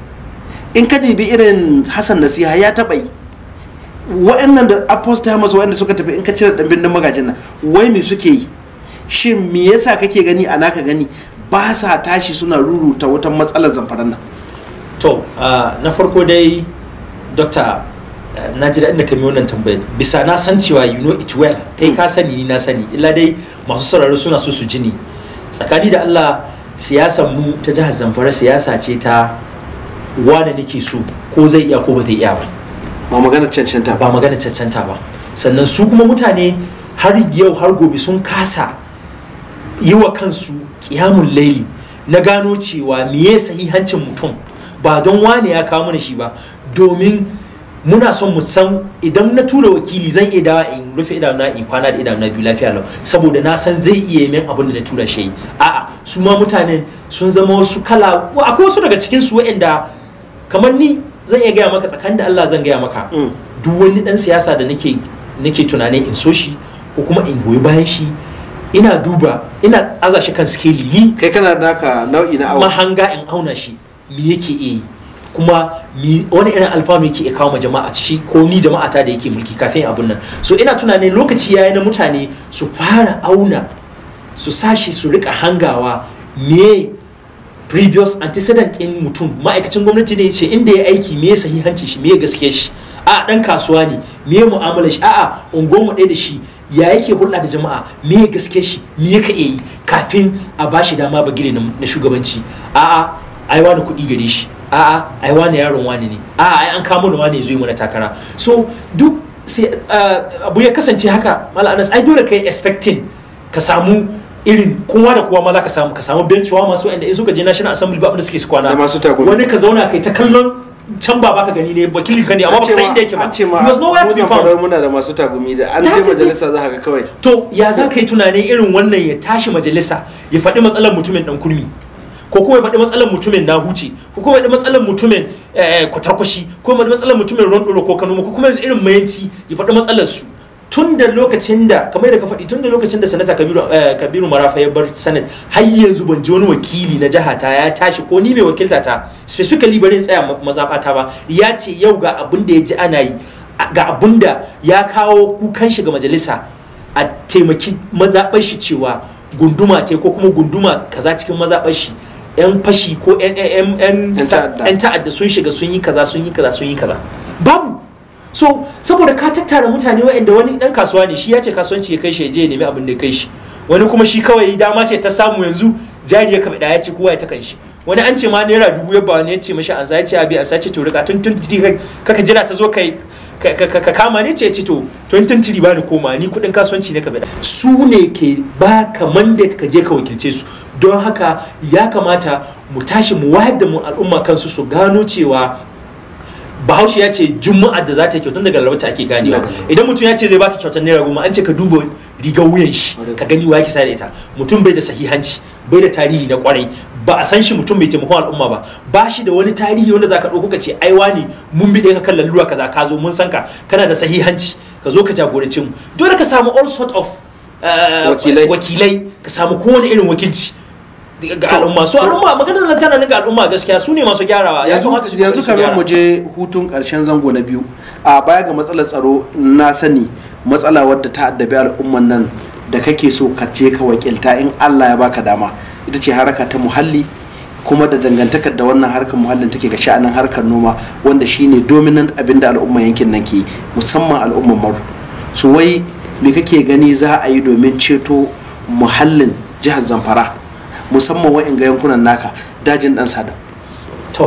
in ka dibi irin hassan nasiha ya taɓa yi wa'annan da apostle hamas wa'anda suka tafi in ka cire ɗan birnin magajin nan wai me suke yi shin me yasa kake gani a naka gani ba sa tashi suna ruruta wata matsalar zamfara nan to na farko dai dokta na ji daɗin da ka wannan tambayar bisa na san cewa you know it well kai ka hmm. sani ni na sani illa dai masu sauraro suna so su ji ni tsakani da Allah siyasar mu ta jihar Zamfara siyasa ce ta wane nake so ko zai iya ko ba zai iya ba ba magana cancanta ba magana cancanta ba sannan su kuma mutane har yau har gobe sun kasa yi wa kansu kiyamun laili na gano cewa meye sahihancin mutum ba don wane ya kawo mana shi ba domin muna son mu san idan na tura wakili zan iya dawa in rufe idanu in kwana da idanuna biyu lafiya lau saboda na san zai iya min abin da na tura shi a'a su ma mutane sun zama wasu kala akwai wasu daga cikin su waɗanda kamar ni zan iya gaya maka tsakanin da Allah zan gaya maka mm. duk wani dan siyasa da nake nake tunanin in so shi ko kuma in goyi bayan shi ina duba ina aza shi kan skeli ni kai kana naka nau'i na awa. mahanga in auna shi me yake yi kuma wani irin alfanu yake e kawo jama'a shi ko ni jama'a ta da yake mulki kafin abun nan so ina tunanin lokaci yayi na mutane su fara auna su sashi su rika hangawa me previous antecedent in mutum ma'aikacin gwamnati ne ce inda ya aiki me sahihanci shi me gaskiyar shi a'a dan kasuwa ne me mu'amalar shi a'a ungo mu da shi ya yake hulɗa da jama'a me ya gaske shi me ya ka yi kafin a ba shi dama ba gire na shugabanci a'a ai wani kuɗi gare shi a'a ai wani yaron wani ne a'a ai an kamo da wani zo mana takara so duk sai ah, abu ya kasance haka mala anas ai dole kai expecting ka samu irin kowa da kowa ma za ka samu ka samu bencewa masu wa'anda in suka je national assembly ba abin da suke su kwana wani ka zauna kai ta kallon can ba baka gani ne wakili ka ne amma ba sai inda yake ba an ce ma muna da masu tagumi da an je majalisa za ka kawai to ya za ka yi tunanin irin wannan ya tashi majalisa ya faɗi matsalar mutumin dan kurmi ko kuma ya faɗi matsalar mutumin na huce ko kuma ya faɗi matsalar mutumin eh, eh, kwatarkwashi ko kuma ya faɗi matsalar mutumin rondoro ko kanoma ko kuma irin mayanci ya faɗi matsalar su tun da lokacin da kamar da ka faɗi tun da lokacin da sanata kabiru eh, kabiru marafa ya bar sanat har yanzu ban ji wani wakili na jiha ta ya tashi ko ni mai wakilta ta specifically bari in tsaya mazafa ta ba ya ce yau ga abin da ya ji ana yi ga abin da ya kawo kukan shi ga majalisa a taimaki mazaɓar shi cewa gunduma ce ko kuma gunduma kaza cikin mazaɓar shi yan fashi ko yan ta'adda sun shiga sun yi kaza sun yi kaza sun yi kaza babu so saboda ka tattara mutane waɗanda wani dan kasuwa ne shi ya ce kasuwanci ya kai shi ya je nemi abin da kai shi wani kuma shi kawai dama ce ta samu yanzu jari ya kaɓa ya ce kowa ya ta kan shi wani an ce ma naira dubu ya ba wani ya ce mashi an zai ce abi a sace to rika tun ka kaka jira ta zo kai ka kama ne ce ce to tun tiri ba ni koma ni kuɗin kasuwanci ne ka bada su ne ke ba ka mandate ka je ka wakilce su don haka ya kamata mu tashi mu wayar da mu al'umma kansu su gano cewa bahaushe ya ce juma'ar da za ta yi kyautar daga larabta ake ganewa idan mutum ya ce zai baka kyautar naira goma an ce ka duba rigar wuyan shi ka gani wa yake sare da ita mutum bai da sahihanci bai da tarihi na kwarai ba a san shi mutum mai taimakon al'umma ba ba shi da wani tarihi wanda za ka ɗauko ka ce ai wani mun bi ka kan lalura kaza ka zo mun san ka kana da sahihanci ka zo ka jagorance mu dole ka samu all sort of eh, wakilai ka samu kowane irin wakilci ga al'umma su al'umma maganar nan tana ga al'umma gaskiya su ne masu gyarawa yanzu kamar mu je hutun karshen zango na biyu a baya ga matsalar tsaro na sani matsala wadda ta addabi al'umman nan da kake so ka je ka wakilta in Allah ya baka dama ita ce haraka ta muhalli kuma da dangantakar da wannan harkar muhallin take ga sha'anin harkar noma wanda shine dominant abinda al'umman yankin nan ke musamman al'umman maru su wai me kake gani za a yi domin ceto muhallin jihar zamfara musamman wa'in ga yankunan naka dajin dan sada to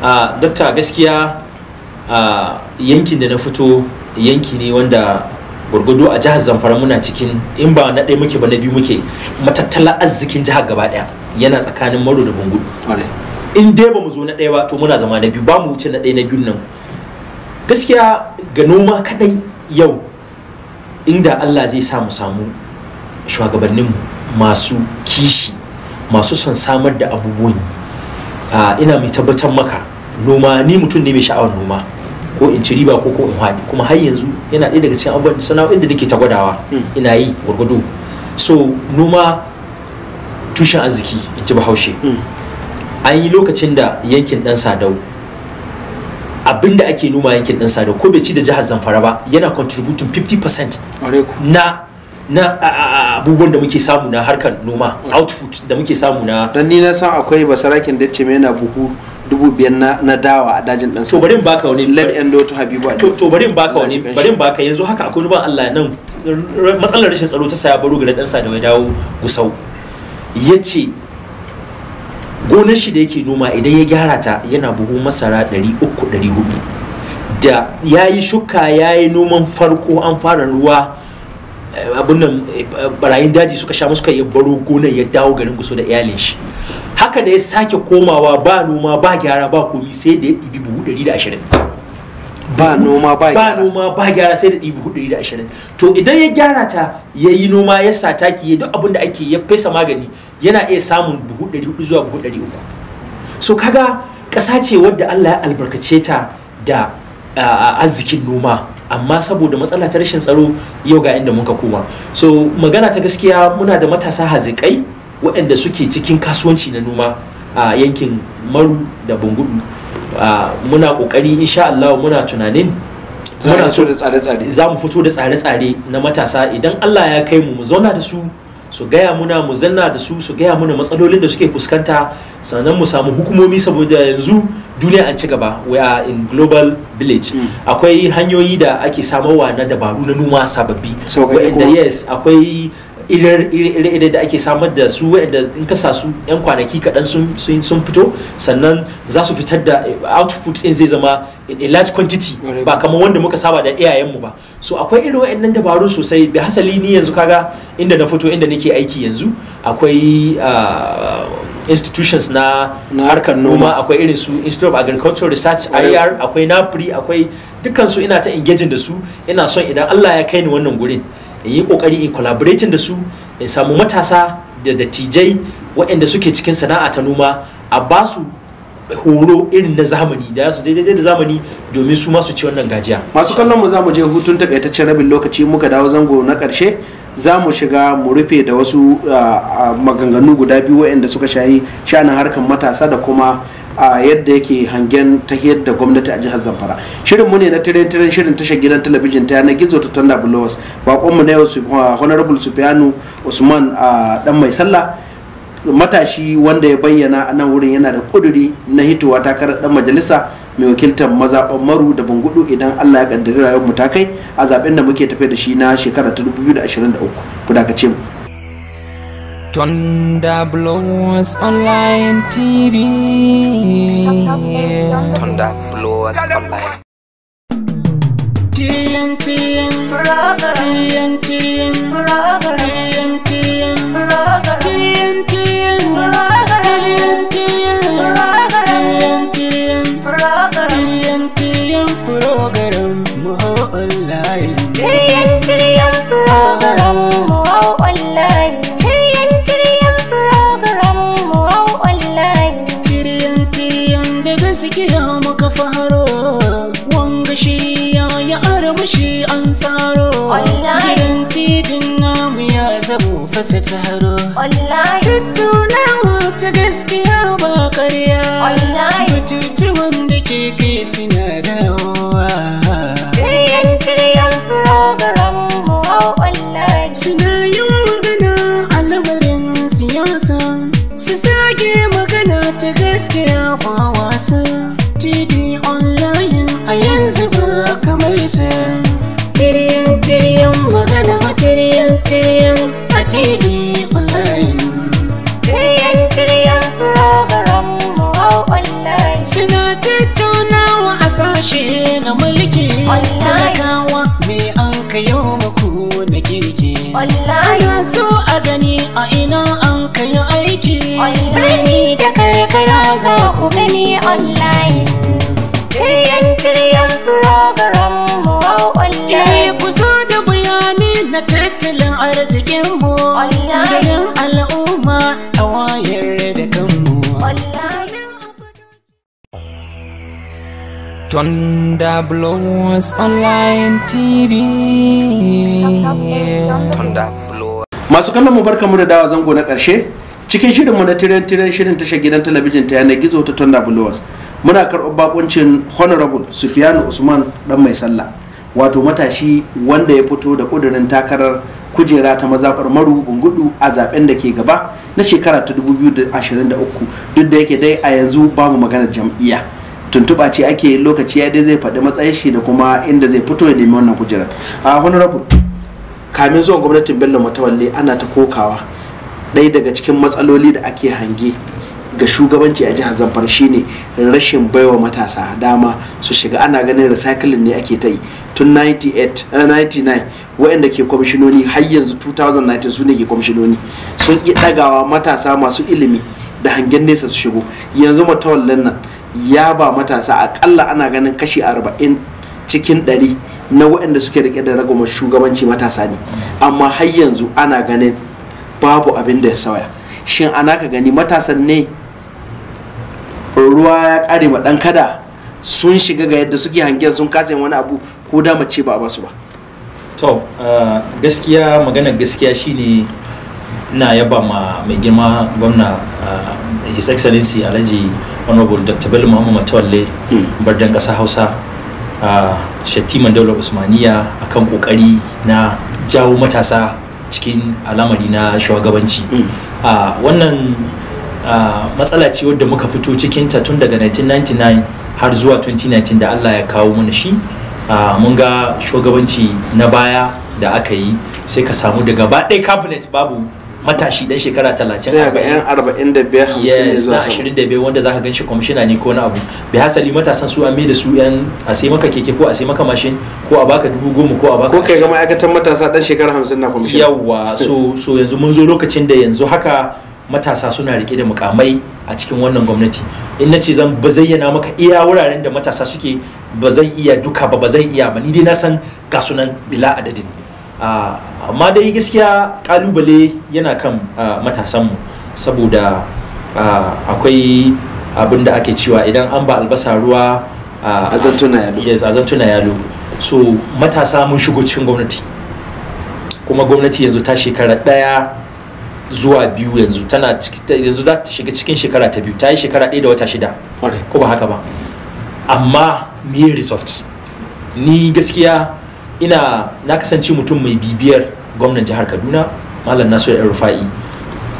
a dokta gaskiya a yankin da na fito yanki ne wanda gwargwado a jihar zamfara muna cikin in ba na ɗaya muke ba na biyu muke matattala arzikin jihar gaba ɗaya yana tsakanin maro da bungudu in dai ba mu zo na ɗaya ba to muna zama na biyu ba mu wuce na ɗaya na biyun nan gaskiya ga noma kaɗai yau inda allah zai sa mu samu shugabannin masu kishi masu son samar da abubuwan ina mai tabbatar maka noma ni mutum ne mai sha'awar noma ko in ci riba ko ko in haɗi kuma har yanzu yana ɗaya daga cikin abubuwan sana'o'in da nake ta gwadawa hmm. ina yi gwargwado so noma tushen arziki in ci bahaushe hmm. an yi lokacin da yankin ɗan sadau abin da ake noma yankin ɗan sadau ko bai ci da jihar zamfara ba yana contributing 50% na na abubuwan da muke samu na harkar noma output da muke samu na don ni na san akwai basarakin da ce yana buhu dubu biyar na dawa a dajin dan so barin baka wani let and to habibu to to barin baka wani barin baka yanzu haka akwai ban Allah nan matsalar rashin tsaro ta saya baro ga dan sa da ya dawo gusau yace gonar shi da yake noma idan ya gyara ta yana buhu masara 300 400 da yayi shuka yayi noman farko an fara ruwa Eh, abin nan eh, barayin daji suka sha musu ya baro gonar ya dawo garin guso da iyalin shi haka da ya sake komawa ba noma ba gyara ba komi sai da ya ɗibi buhu 120 ba noma ba gyara ba noma ba gyara sai da ɗibi buhu 120 to idan ya gyara ta ya yi noma ya sa taki ya duk abin da ake ya fesa magani yana iya samun buhu 400 zuwa buhu 300 so kaga ƙasa ce wadda Allah ya albarkace ta da ah, ah, arzikin noma amma saboda matsala ta rashin tsaro yau ga inda muka koma so magana ta gaskiya muna da matasa hazikai waɗanda suke cikin kasuwanci na noma a yankin maru da bungudu muna ƙoƙari insha Allah muna tunanin za mu fito da tsare-tsare na matasa idan Allah ya kai mu mu zauna da su su gaya muna mu zanna da su su gaya muna matsalolin da suke fuskanta sannan mu samu hukumomi saboda yanzu duniya an ci gaba we are in global village hmm. akwai hanyoyi da ake samarwa na dabaru na noma sababbi yes akwai ire da ake samar da su waanda in kasa su 'yan kwanaki kaɗan sun fito sannan za su fitar da output in zai zama a large quantity ba kamar wanda muka saba da iyayenmu ba so akwai irin wa'annan dabaru sosai bi hasali ni yanzu kaga inda na fito inda nake aiki yanzu akwai ah, institutions na harkar noma akwai irin su institute of agricultural research ir akwai napri akwai dukansu ina ta engaging da su ina son idan allah ya kai ni wannan gurin yi kokari in collaborating da su ya samu matasa da dattijai waɗanda suke cikin sana'a ta noma a ba su horo irin na zamani da su daidai da zamani domin su masu ci wannan gajiya masu kallon mu za mu je hutun takaitaccen rabin lokaci muka dawo zango na ƙarshe za mu shiga mu rufe da wasu ah, ah, maganganu guda biyu waɗanda suka shayi shanin harkar matasa da kuma a yadda yake hangen ta yadda gwamnati a jihar zamfara shirin mu ne na tiren tiren shirin tashar gidan talabijin ta yanar gizo ta tanda bulowas bakon mu na yau ah, honorable sufiyanu usman a ah, dan mai sallah matashi wanda ya bayyana a nan wurin yana da kuduri na hitowa takarar dan majalisa mai wakiltar mazaɓan maru da bangudu idan allah ya kaddari rayuwar mu ta kai a zaben da muke tafe da shi na shekara ta 2023 ku dakace mu Thunder blows online TV. Thunder blows online. TNT, TNT, TNT. fasa ta haro ta gaskiya ba karya batutuwan da ke kai suna dawowa kiryan-kiryan program mu online oh, suna yin magana a lamarin siyasa su sage magana ta gaskiya ba wasa tv online a yanzu ba kamar sa tiriyan-tiriyan magana tiriyan-tiriyan TV online. Kiryan kiryan online. Suna tattaunawa a sashe na mulki. Talakawa me an kayo muku na kirki. so a gani a ina an aiki. Birni da karkara za ku gani online. program mu tattalin arzikin mu al'umma a wayar da kanmu Blows Online TV Masu kallon mu barkamu da dawa zango na ƙarshe cikin shirin mu na tiren tiren shirin tashar gidan talabijin ta yanar gizo ta tunda Blowers muna karɓar baƙuncin Honorable Sufiyanu Usman dan mai sallah wato matashi wanda ya fito da kudirin takarar kujera ta mazaɓar maru gungudu a zaben da ke gaba na shekara ta 2023 duk da yake dai a yanzu babu maganar jam'iyya tuntuɓa ce ake lokaci ya dai zai faɗi matsayin shi da kuma inda zai fito ya nemi wannan kujerar a wani rabu kamin zuwan gwamnatin bello matawalle ana ta kokawa ɗaya daga cikin matsaloli da ake hange ga shugabanci a jihar zamfara shine rashin baiwa matasa dama su shiga ana ganin recycling ne ake ta yi tun 99 eh, waɗanda ke kwamishinoni har yanzu 2019 su ne ke kwamishinoni sun yi ɗagawa matasa masu ilimi da hangen nesa su shigo yanzu matawallin nan ya ba matasa akalla ana ganin kashi 40 cikin 100 na waɗanda suke rike da ragumar shugabanci matasa ne amma har yanzu ana ganin babu abin da ya sauya shin ana ka gani matasan ne ruwa ya kare ma dan kada sun shiga ga yadda suke hangen sun kasa wani abu ko da mace ba a basu ba to gaskiya magana gaskiya shine na yaba ma mai girma gwamna his excellency alhaji honorable dr bello muhammad matawalle hmm. bardan kasa hausa shatiman daular usmaniya akan kokari na jawo matasa cikin alamari na shugabanci hmm. wannan Ah, matsala ce wadda muka fito cikinta tun daga 1999 har zuwa 2019 da allah ya kawo mana shi ah, mun ga shugabanci na baya da aka yi sai ka samu da gaba ɗaya cabinet babu matashi dan shekara 30 sai ga 45 yes na 25 wanda zaka ganshi kwamishina ne ko na abu bai hasali matasan su an da su yan a sai maka keke ko a sai maka mashin ko a baka dubu goma ko a baka ko kai ga ma'aikatan matasa dan shekara 50 na kwamishina yawwa so so yanzu mun zo lokacin da yanzu haka matasa suna rike da mukamai a cikin wannan gwamnati in na ce zan bazayyana maka iya wuraren da matasa suke ba zan iya duka ba ba zan iya ba ni dai na san ga sunan bila adadin ah, amma dai gaskiya kalubale yana kan ah, matasanmu saboda ah, akwai abin da ake cewa idan an ba albasa ruwa azantuna yalo so matasa mun shigo cikin gwamnati kuma gwamnati yanzu ta shekara ɗaya zuwa biyu yanzu tana yanzu za ta shiga cikin shekara ta biyu ta yi shekara ɗaya da wata shida ko ba haka ba amma me resort ni gaskiya ina na kasance mutum mai bibiyar gwamnan jihar kaduna malam nasu yan rufa'i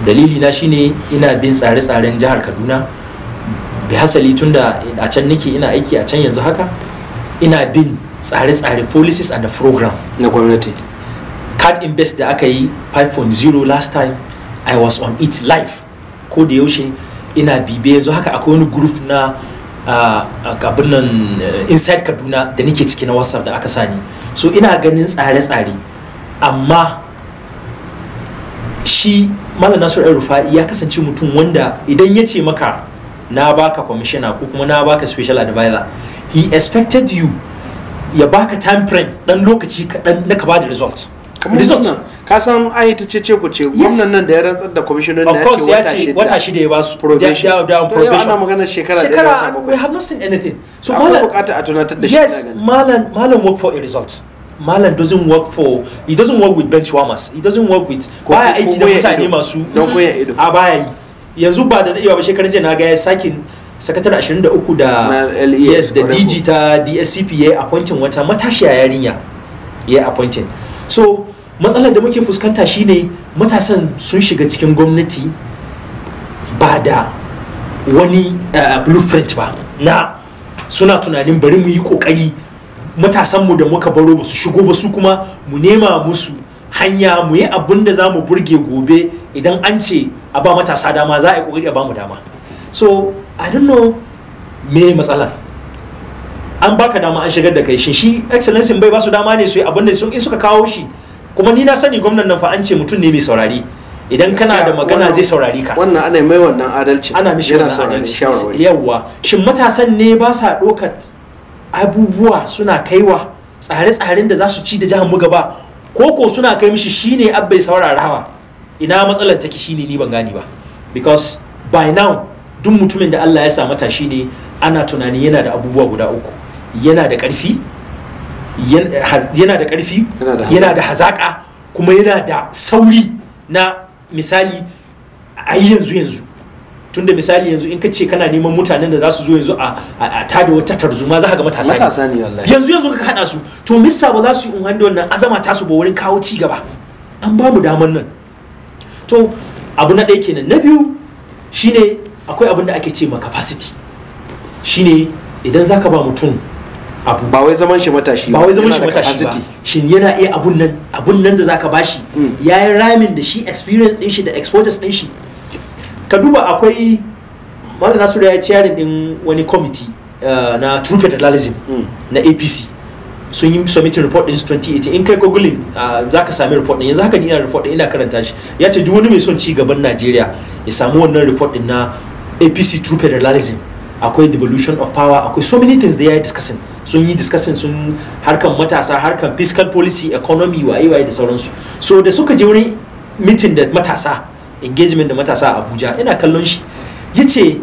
dalili na shine ina bin tsare-tsaren jihar kaduna bi hasali tun da a can nake ina aiki a can yanzu haka ina bin tsare-tsare policies and the program na gwamnati card invest da aka yi 5.0 last time i was on it live ko da yaushe ina bibe yanzu haka akwai wani group na abin nan eh, inside kaduna da nake ciki na whatsapp da aka sani so ina ganin tsare-tsare amma shi malam nasiru al rufa'i ya kasance mutum wanda idan ya ce maka na baka kwamishina ko kuma na baka special advisor he expected you ya baka time frame dan lokaci kaɗan na ka da result result ka san an yi ta ce ku ce gwamnan nan da ya rantsar da kwamishinan da ya ce wata shida ya ba su probation da probation ana magana shekara da wata bakwai we have not seen anything so malam bukata a tunatar da shi yes malam malam work for a result malam doesn't work for he doesn't work with bench warmers he doesn't work with baya aiki da mutane masu don koya ido a baya yanzu ba da daɗewa ba shekaran jiya na ga ya sakin sakatar 23 da e yes da dg ta dscp ya appointing wata matashiya yarinya ya appointing so matsalar da muke fuskanta shine matasan sun shiga cikin gwamnati ba da wani eh, blueprint ba na suna tunanin bari mu yi kokari matasanmu da muka baro ba su shigo ba su kuma mu nema musu hanya mu yi abin da za mu burge gobe idan an ce a ba matasa dama za a yi kokari a ba mu dama so i don't know me matsalar an baka dama an shigar da kai shi shi excellency bai ba su dama ne su yi abin da sun in suka kawo shi kuma ni na sani gwamnan nan fa an ce mutum ne mai saurari idan kana da magana zai saurari ka wannan ana mai wannan adalci ana mishi wannan adalci yawwa shin matasan ne ba sa ɗaukar abubuwa suna kaiwa tsare-tsaren da za su ci da jihar mu gaba ko ko suna kai mishi shine abbai saurarawa ina matsalar take shine ni ban gani ba because by now duk mutumin da Allah ya sa mata shine ana tunanin yana da abubuwa guda uku yana da ƙarfi yana da ƙarfi yana da hazaƙa kuma yana da sauri na misali a yi yanzu yanzu tunda misali yanzu in ka ce kana neman mutanen da za su zo yanzu a da wata tarzoma za ka ga matasa ne yanzu yanzu ka haɗa su to missa ba za su yi in wannan azama ta su ba wurin kawo ci gaba an ba mu daman nan to abu na ɗaya kenan na biyu shine akwai abin da ake ce ma capacity shine idan za ka ba mutum abu ba wai zaman shi matashi ba wai zaman shi matashi ba shin yana iya abun nan abun nan da zaka bashi hmm. yayi ramin da shi experience din shi da exporters din shi ka duba akwai Malam Nasiru ya ci yarin din wani committee uh, na true federalism hmm. na APC sun yi submitting report din 2018 in kai googling uh, za ka sami report din yanzu haka ni ina report din ina karanta shi yace duk wani mai son ci gaban Najeriya ya samu wannan report din na APC true federalism akwai devolution of power akwai so many things da ya yi discussing sun yi discussing sun harkan matasa harkan fiscal policy economy waye waye da sauransu so da suka je wurin meeting da matasa engagement da matasa a abuja ina kallon shi ya ce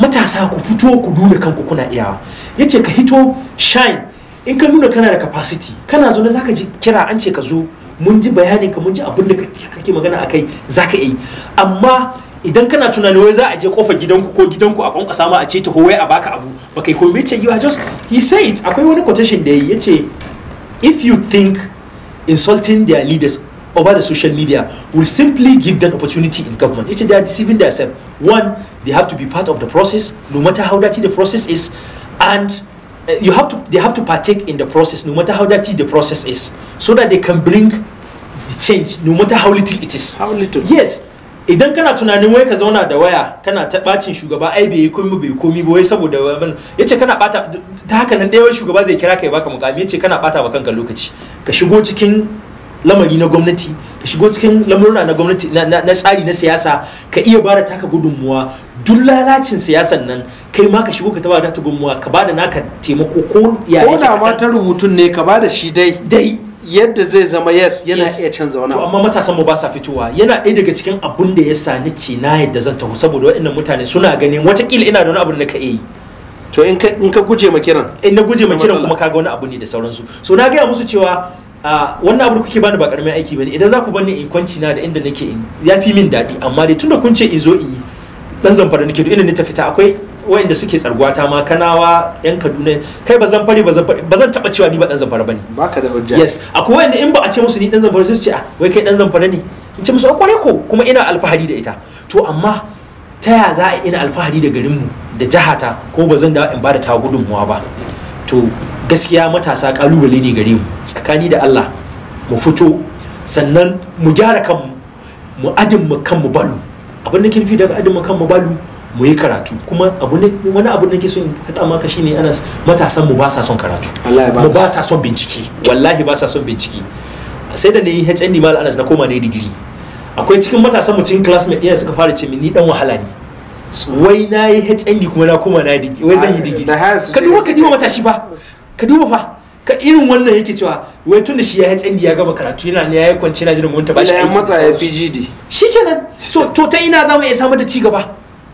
matasa ku fito ku nuna kanku kuna iyawa ya ce ka hito shine in ka nuna kana da capacity kana zo na zaka ji kira an ce ka zo mun ji bayanin ka mun ji abin da kake magana akai zaka yi amma idan kana tunani wai za a je kofar gidanku ko gidanku a kwanka sama a ce ta wai a baka abu ba kai komai ce you are just he said akwai wani quotation da ya ce if you think insulting their leaders over the social media will simply give them opportunity in government it's they are deceiving themselves one they have to be part of the process no matter how dirty the process is and uh, you have to they have to partake in the process no matter how dirty the process is so that they can bring the change no matter how little it is how little yes idan kana tunanin wai ka zauna da waya kana ta bacin shugaba ai bai komi bai komi ba wai saboda yace kana bata ta haka nan dai wai shugaba zai kira ka ya baka mukami yace kana bata wa kanka lokaci ka shigo cikin lamari na gwamnati ka shigo cikin lamurra na gwamnati na tsari na siyasa ka iya bada taka gudunmuwa duk lalacin siyasan nan kai ma ka shigo ka taba da ta gudunmuwa ka bada naka taimako ko ya ko da ma ta rubutun ne ka bada shi dai dai yadda zai zama yes yana iya canza wani to amma matasan mu ba sa fitowa yana ɗaya daga cikin abun da ya sani ce na yadda zan tafi saboda waɗannan mutane suna ganin watakila ina da wani abu da ka yi to in ka guje ma kiran in na guje ma kiran kuma kaga wani abu ne da sauransu so na gaya musu cewa wannan abu kuke bani ba karamin aiki bane idan za ku bani in kwanci na da inda nake in yafi min daɗi amma dai tunda kun ce in zo in yi dan zamfara nake duk inda ni ta fita akwai wayanda suke tsarguwata ma kanawa yan kaduna kai ba zan fare ba zan taba cewa ni ba dan zamfara bane baka da hujja yes akwai wayanda in ba a ce musu ni dan zamfara sai su ce ah wai kai dan zamfara ne in ce musu a ah, kware ko kuma ina alfahari da ita to amma ta ya za a ina alfahari da garin mu da jihata ko ba zan da in ba da ta gudunmuwa ba to gaskiya matasa kalubale ne gare mu tsakani da Allah mu fito sannan mu gyara kanmu mu adin mu kanmu balu abin da kin fi daga adin mu kanmu balu mu yi karatu kuma abu ne wani abu nake so in faɗa maka shine Anas matasan mu ba sa son karatu mu ba sa son bincike wallahi ba sa son bincike sai da ni HND mal Anas na koma ne digiri akwai cikin matasan mu cikin classmate iyaye suka fara ce ni dan wahala ne wai na yi HND kuma na koma na digiri wai zan yi digiri ka duba ka duba matashi ba ka duba fa ka irin wannan yake cewa wai tun da shi ya HND ya gama karatu yana ne ya yi kwance na jiran wanta ba shi ya matsa ya PGD shikenan so to ta ina za mu iya samu da ci gaba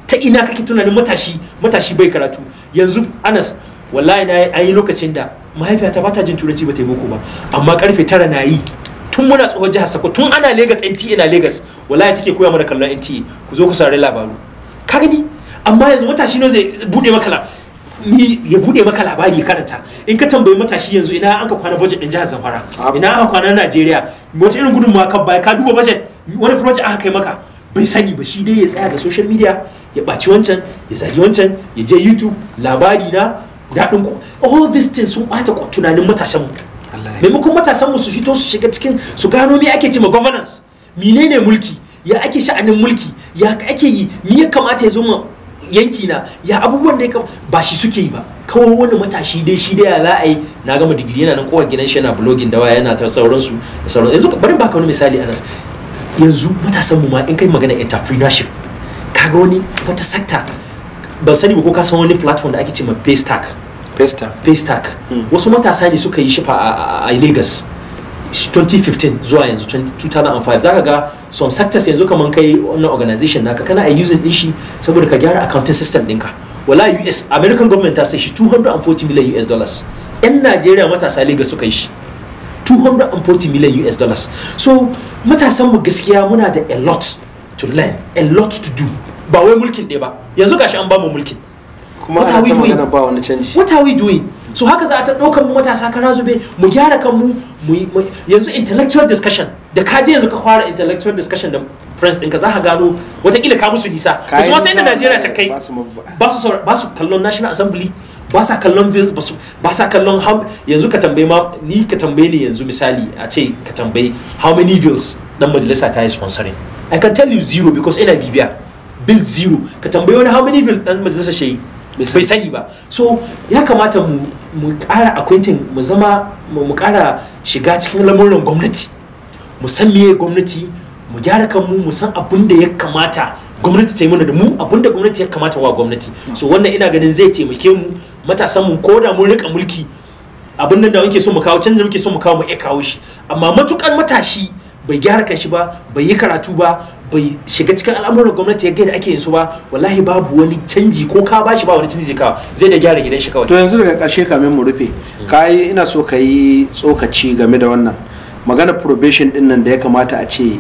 ta ina kake tunanin matashi matashi bai karatu yanzu anas wallahi na yi lokacin da mahaifiyata ba ta jin turanci ba ta yi boko ba amma karfe tara na yi tun muna tsohon jihar sako tun ana Legas nta e na legas wallahi take koya mana kallon nta e. ku zo ku sare labaru ka gani amma yanzu matashi ne zai bude maka ni ya bude maka labari ya karanta in ka tambayi matashi yanzu ina an ka kwana budget din jihar zamfara ina an ka kwana najeriya wata irin gudunmawa kan baya ka duba budget wani project aka kai maka bai sani ba shi dai ya tsaya ga social media ya ɓaci wancan ya zagi wancan ya je youtube labari na daɗin ku all these things sun ɓata tunanin matashan mu maimakon matasan mu su fito su shiga cikin su gano me ake ce governance menene mulki ya ake sha'anin mulki ya ake yi me ya kamata ya zo ma yanki na ya abubuwan da ya ba shi suke yi ba kawo wani matashi dai shi dai ya za a yi na gama digiri yana nan kowa gidan shi yana blogging da waya yana ta sauransu da sauransu yanzu bari baka wani misali anas yanzu matasan mu ma in kai magana entrepreneurship kaga wani wata sakta ban sani ko ka san wani platform da ake cewa paystack paystack paystack hmm. wasu matasa ne suka yi shifa a Lagos 2015 zuwa yanzu 2005 zaka ga some sectors yanzu kaman kai wannan organization naka kana a using din shi saboda ka gyara accounting system ɗinka wala US American government ta sai shi 240 million US dollars yan Najeriya matasa Lagos suka yi shi 240 million US dollars so matasan mu gaskiya muna da a lot to learn a lot to do ba wai mulkin ɗaya ba yanzu gashi an ba mu mulkin kuma what are we doing ba wani canji what are we doing so haka za a ta ɗaukar mu matasa kara zube mu gyara kan mu yanzu intellectual discussion da ka je yanzu ka fara intellectual discussion da friends ɗinka za ka gano watakila ka musu nisa wasu masu yadda najeriya ta kai ba su kallon national assembly ba sa kallon bills ba sa kallon yanzu ka tambaye ma ni ka tambaye ni yanzu misali a ce ka tambaye how many bills dan majalisa ta yi sponsoring i can tell you zero because ina bibiya bill zero ka tambayi wani how many bill dan majalisar shayi bai sani ba so ya kamata mu kara acquainting mu zama mu kara shiga cikin lamuran gwamnati mu san meye gwamnati mu gyara kanmu mu san abin da ya kamata gwamnati ta yi mana da mu abin da gwamnati ya kamata wa gwamnati so wannan ina ganin zai taimake mu matasan mu ko da mun rika mulki abin da muke so mu kawo canjin muke so mu kawo mu iya kawo shi amma matukan matashi bai gyara kanshi ba bai yi karatu ba bai shiga cikin al'amuran gwamnati ya gaida ake yin su ba wallahi babu wani canji ko ka bashi ba wani canji ka zai da gyara gidan shi kawai to yanzu daga karshe kamin mu rufe hmm. kai ina so ka yi tsokaci game da wannan magana probation din nan da ya kamata a ce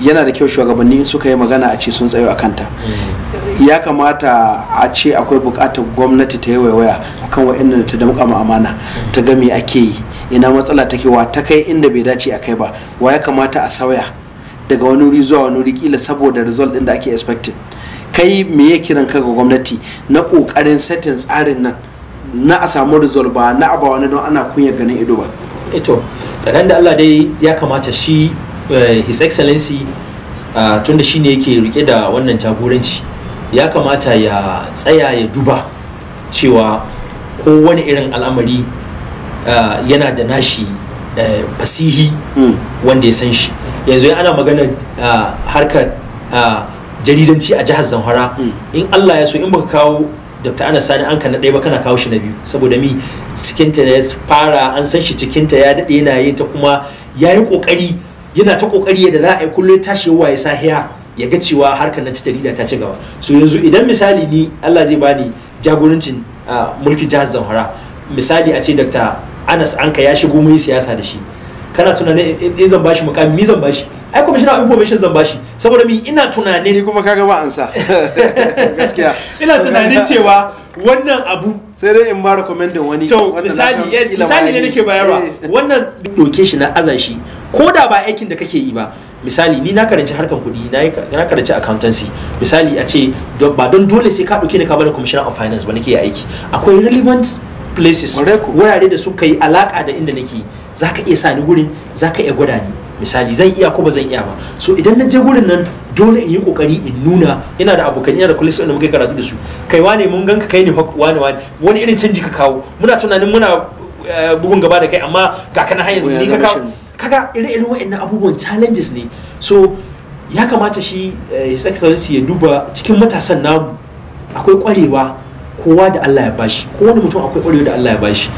yana da kyau shugabanni in suka yi magana a ce sun tsayo a kanta hmm. ya kamata a ce akwai bukatar gwamnati ta yi waiwaya akan wa'annan da ta damƙa ma amana ta ga me ake yi ina matsala take wa ta kai inda bai dace a kai ba wa ya kamata a sauya daga wani wuri zuwa wani wuri kila saboda result din da ake expected kai me ya kiran ka ga gwamnati na kokarin setin tsarin nan na a samu result ba na ba wani don ana kunya ganin ido ba ito eh tsakanin da Allah dai ya kamata shi eh, his excellency tunda shi ne yake rike da wannan jagoranci ya kamata ya tsaya ya duba cewa ko wani irin al'amari yana da nashi eh, fasihi hmm. wanda ya san shi yanzu ana magana harkar jaridanci a jihar zamfara hmm. in allah ya so in baka kawo dr anas sani an ka na ɗaya ba kana kawo shi na biyu saboda mi cikinta ya fara an san shi cikinta ya daɗe yana yi ta kuma ya yi ƙoƙari yana ta ƙoƙari yadda za a yi kullum tashi ya sahiya ya ga cewa harkar na ta jarida ta ci gaba so yanzu idan misali ni allah zai bani jagorancin mulkin jihar zamfara misali a ce dr anas anka ya shigo yi siyasa da shi kana tunanin in zan bashi mukami mi zan bashi ai kuma shirin information zan bashi saboda mi ina tunanin ni kuma kaga ba ansa gaskiya ina tunanin cewa wannan abu sai dai in ba recommending wani to misali yes misali ne nake bayarwa eh. wannan doke shi na azashi ko da ba aikin da kake yi ba misali ni na karanci harkan kuɗi na karanci accountancy misali a ce ba don dole sai ka ɗauke ni ka bada commissioner of finance ba nake aiki akwai relevant places wurare da suka yi alaka da inda nake za ka iya sa ni gurin za ka iya gwada ni misali zan iya ko ba zan iya ba so idan na je gurin nan dole in yi kokari in nuna ina da abokan ina da kulis da muke karatu da su kai wane mun ganka kai ne wane wane wani irin canji ka kawo muna tunanin muna eh, bugun gaba da kai amma ga kana har yanzu ni ka kawo kaga ire-iren waɗannan abubuwan challenges ne so ya kamata shi eh, his excellency ya duba cikin matasan namu akwai kwarewa kowa da Allah ya bashi kowane mutum akwai kwarewa da Allah ya bashi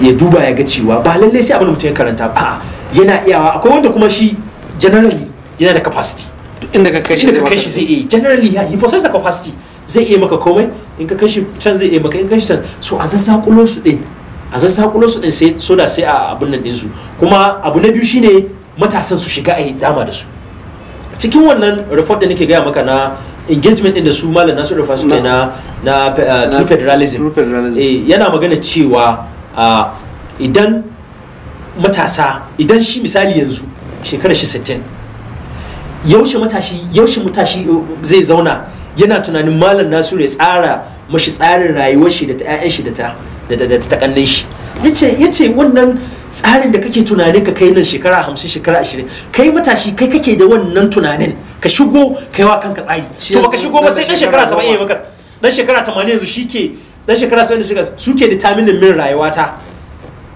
ya duba ya ga cewa ba lallai sai abin da mutum ya karanta ba a'a yana iyawa akwai wanda kuma shi generally yana da capacity inda ka kashi ka kashi zai yi generally he possess the capacity zai iya maka komai in ka kashi can zai iya maka in kashi can so a zazzakulo su din a zazzakulo su din sai so da sai a abun nan din su kuma abu na biyu shine matasan su shiga a dama da su cikin wannan report da nake gaya maka na engagement din da su malam nasu rufa su na na eh, true federalism eh, yana magana cewa idan matasa idan shi misali yanzu shekara shi sittin yaushe matashi yaushe matashi uh, zai zauna yana tunanin malam nasiru ya tsara mashi tsarin rayuwar shi da ta 'ya'yan shi da ta takannin shi ya ce wannan tsarin da kake tunanin ka kai nan shekara hamsin shekara ashirin kai matashi kai kake da wannan tunanin ka shigo kai wa kanka tsari to baka shigo ba sai shekara saba'in maka dan shekara tamanin yanzu shi ke dan shekara 76 suke taminin min rayuwata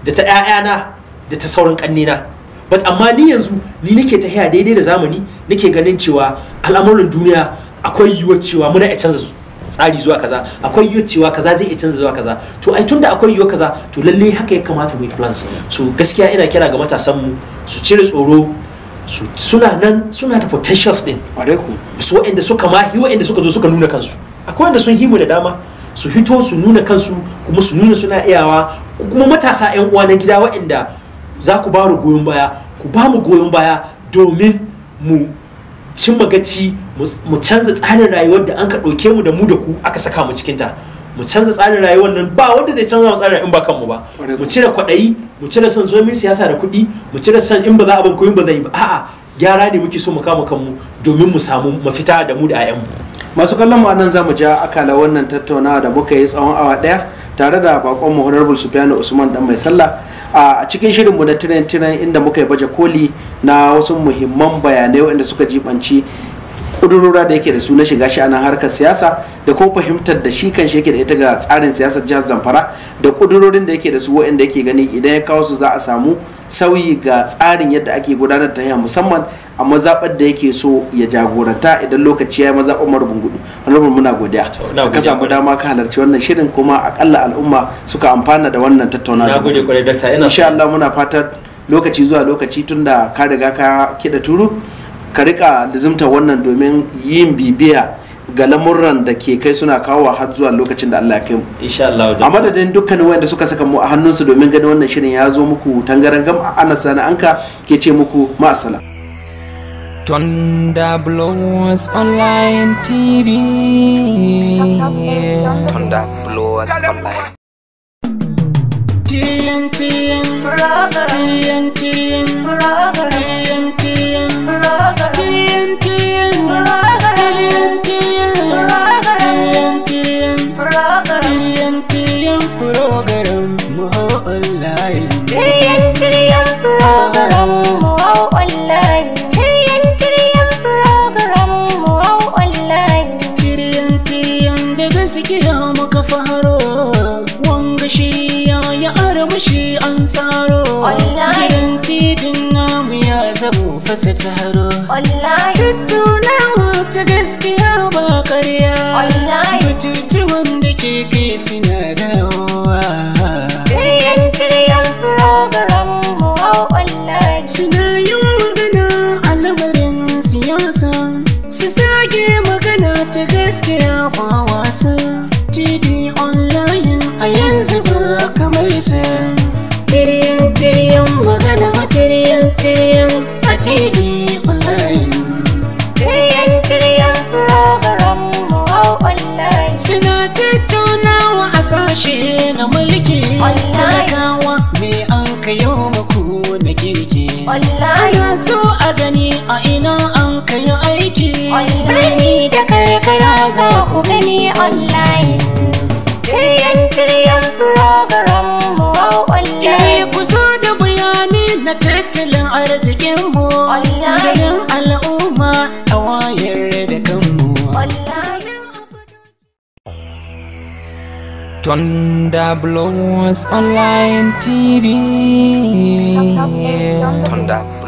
da ta ƴaƴana da ta sauran kannina but amma ni yanzu ni nake ta haya daidai da zamani nake ganin cewa al'amuran duniya akwai yiwuwar cewa muna iya canza tsari zuwa kaza akwai yiwuwar cewa kaza zai iya canza zuwa kaza to ai tunda akwai yiwuwar kaza to lalle haka ya kamata mu yi plans so gaskiya ina kira ga matasan mu su cire tsoro su suna nan suna da potentials din su waɗanda suka mahi waɗanda suka zo suka nuna kansu akwai wanda sun himu da dama su fito su nuna kansu kuma su nuna suna iyawa kuma matasa 'yan uwa na gida waɗanda za ku ba mu goyon baya ku ba mu goyon baya domin mu cimma gaci mu canza tsarin rayuwar da an ka ɗauke mu da mu da ku aka saka mu ta mu canza tsarin rayuwar nan ba wanda zai canza mu tsarin in ba kanmu ba mu cire kwaɗayi mu cire son zomin siyasa da kuɗi mu cire son in ba za a ban koyin ba zai yi ba a'a gyara ne muke so mu kama kanmu domin mu samu mafita da mu da 'ya'yanmu masu kallon mu anan zamu ja akala wannan tattaunawa da muka yi tsawon awa daya tare da bakon mu honorable sufyan Usman dan mai sallah a cikin shirin mu na tiran-tiran inda muka yi baje koli na wasu muhimman bayanai waɗanda suka jibanci kudurora da yake da su na shiga sha'anin harkar siyasa da ko fahimtar da shi kan yake da ita ga tsarin siyasar jihar zamfara da kudurorin da yake da su wa'anda yake gani idan ya kawo su za a samu sauyi ga tsarin yadda ake gudanar da haya musamman a mazaɓar da yake so ya jagoranta idan lokaci ya yi mazaɓar marubin gudu honorable muna godiya ka samu dama ka halarci wannan shirin kuma akalla al'umma suka amfana da wannan tattaunawa na gode insha Allah muna fatar lokaci zuwa lokaci tunda ka riga ka kida turu ka rika lizimta wannan domin yin bibiya ga lamuran da ke kai suna kawo har zuwa lokacin da Allah ya kai mu insha Allah a madadin dukkanin wanda suka saka mu a hannunsu domin ganin wannan shirin ya zo muku tangaran gam ana sana anka ke ce muku ma'asala tonda Blowers online TV. tonda Blowers online. TNT, Shiryen program mu hau online. Shiryen shiryen program mu hau online. Shiryen shiryen da gaskiya muka faro. Wanga shiri ya yi armashi an tsaro. Gidan tibin namu ya zabo fasa taro. Tattaunawa ta gaskiya ba karya. Batutuwan da ke kai suna dawowa. Shiryen program. suna yin magana a lamarin siyasa su sage magana ta gaskiya ba wasa tv online a yanzu ba kamar sa tiriyan tiriyan magana a tiriyan tiriyan a tv online tiriyan tiriyan online suna tattaunawa a sashe na mulki talakawa me an kayo muku na kirki Ana so a gani a ina an kai aiki Birni da karkara za ku gani online Tiryan tiryan program Thunder Blows Online TV. Thunder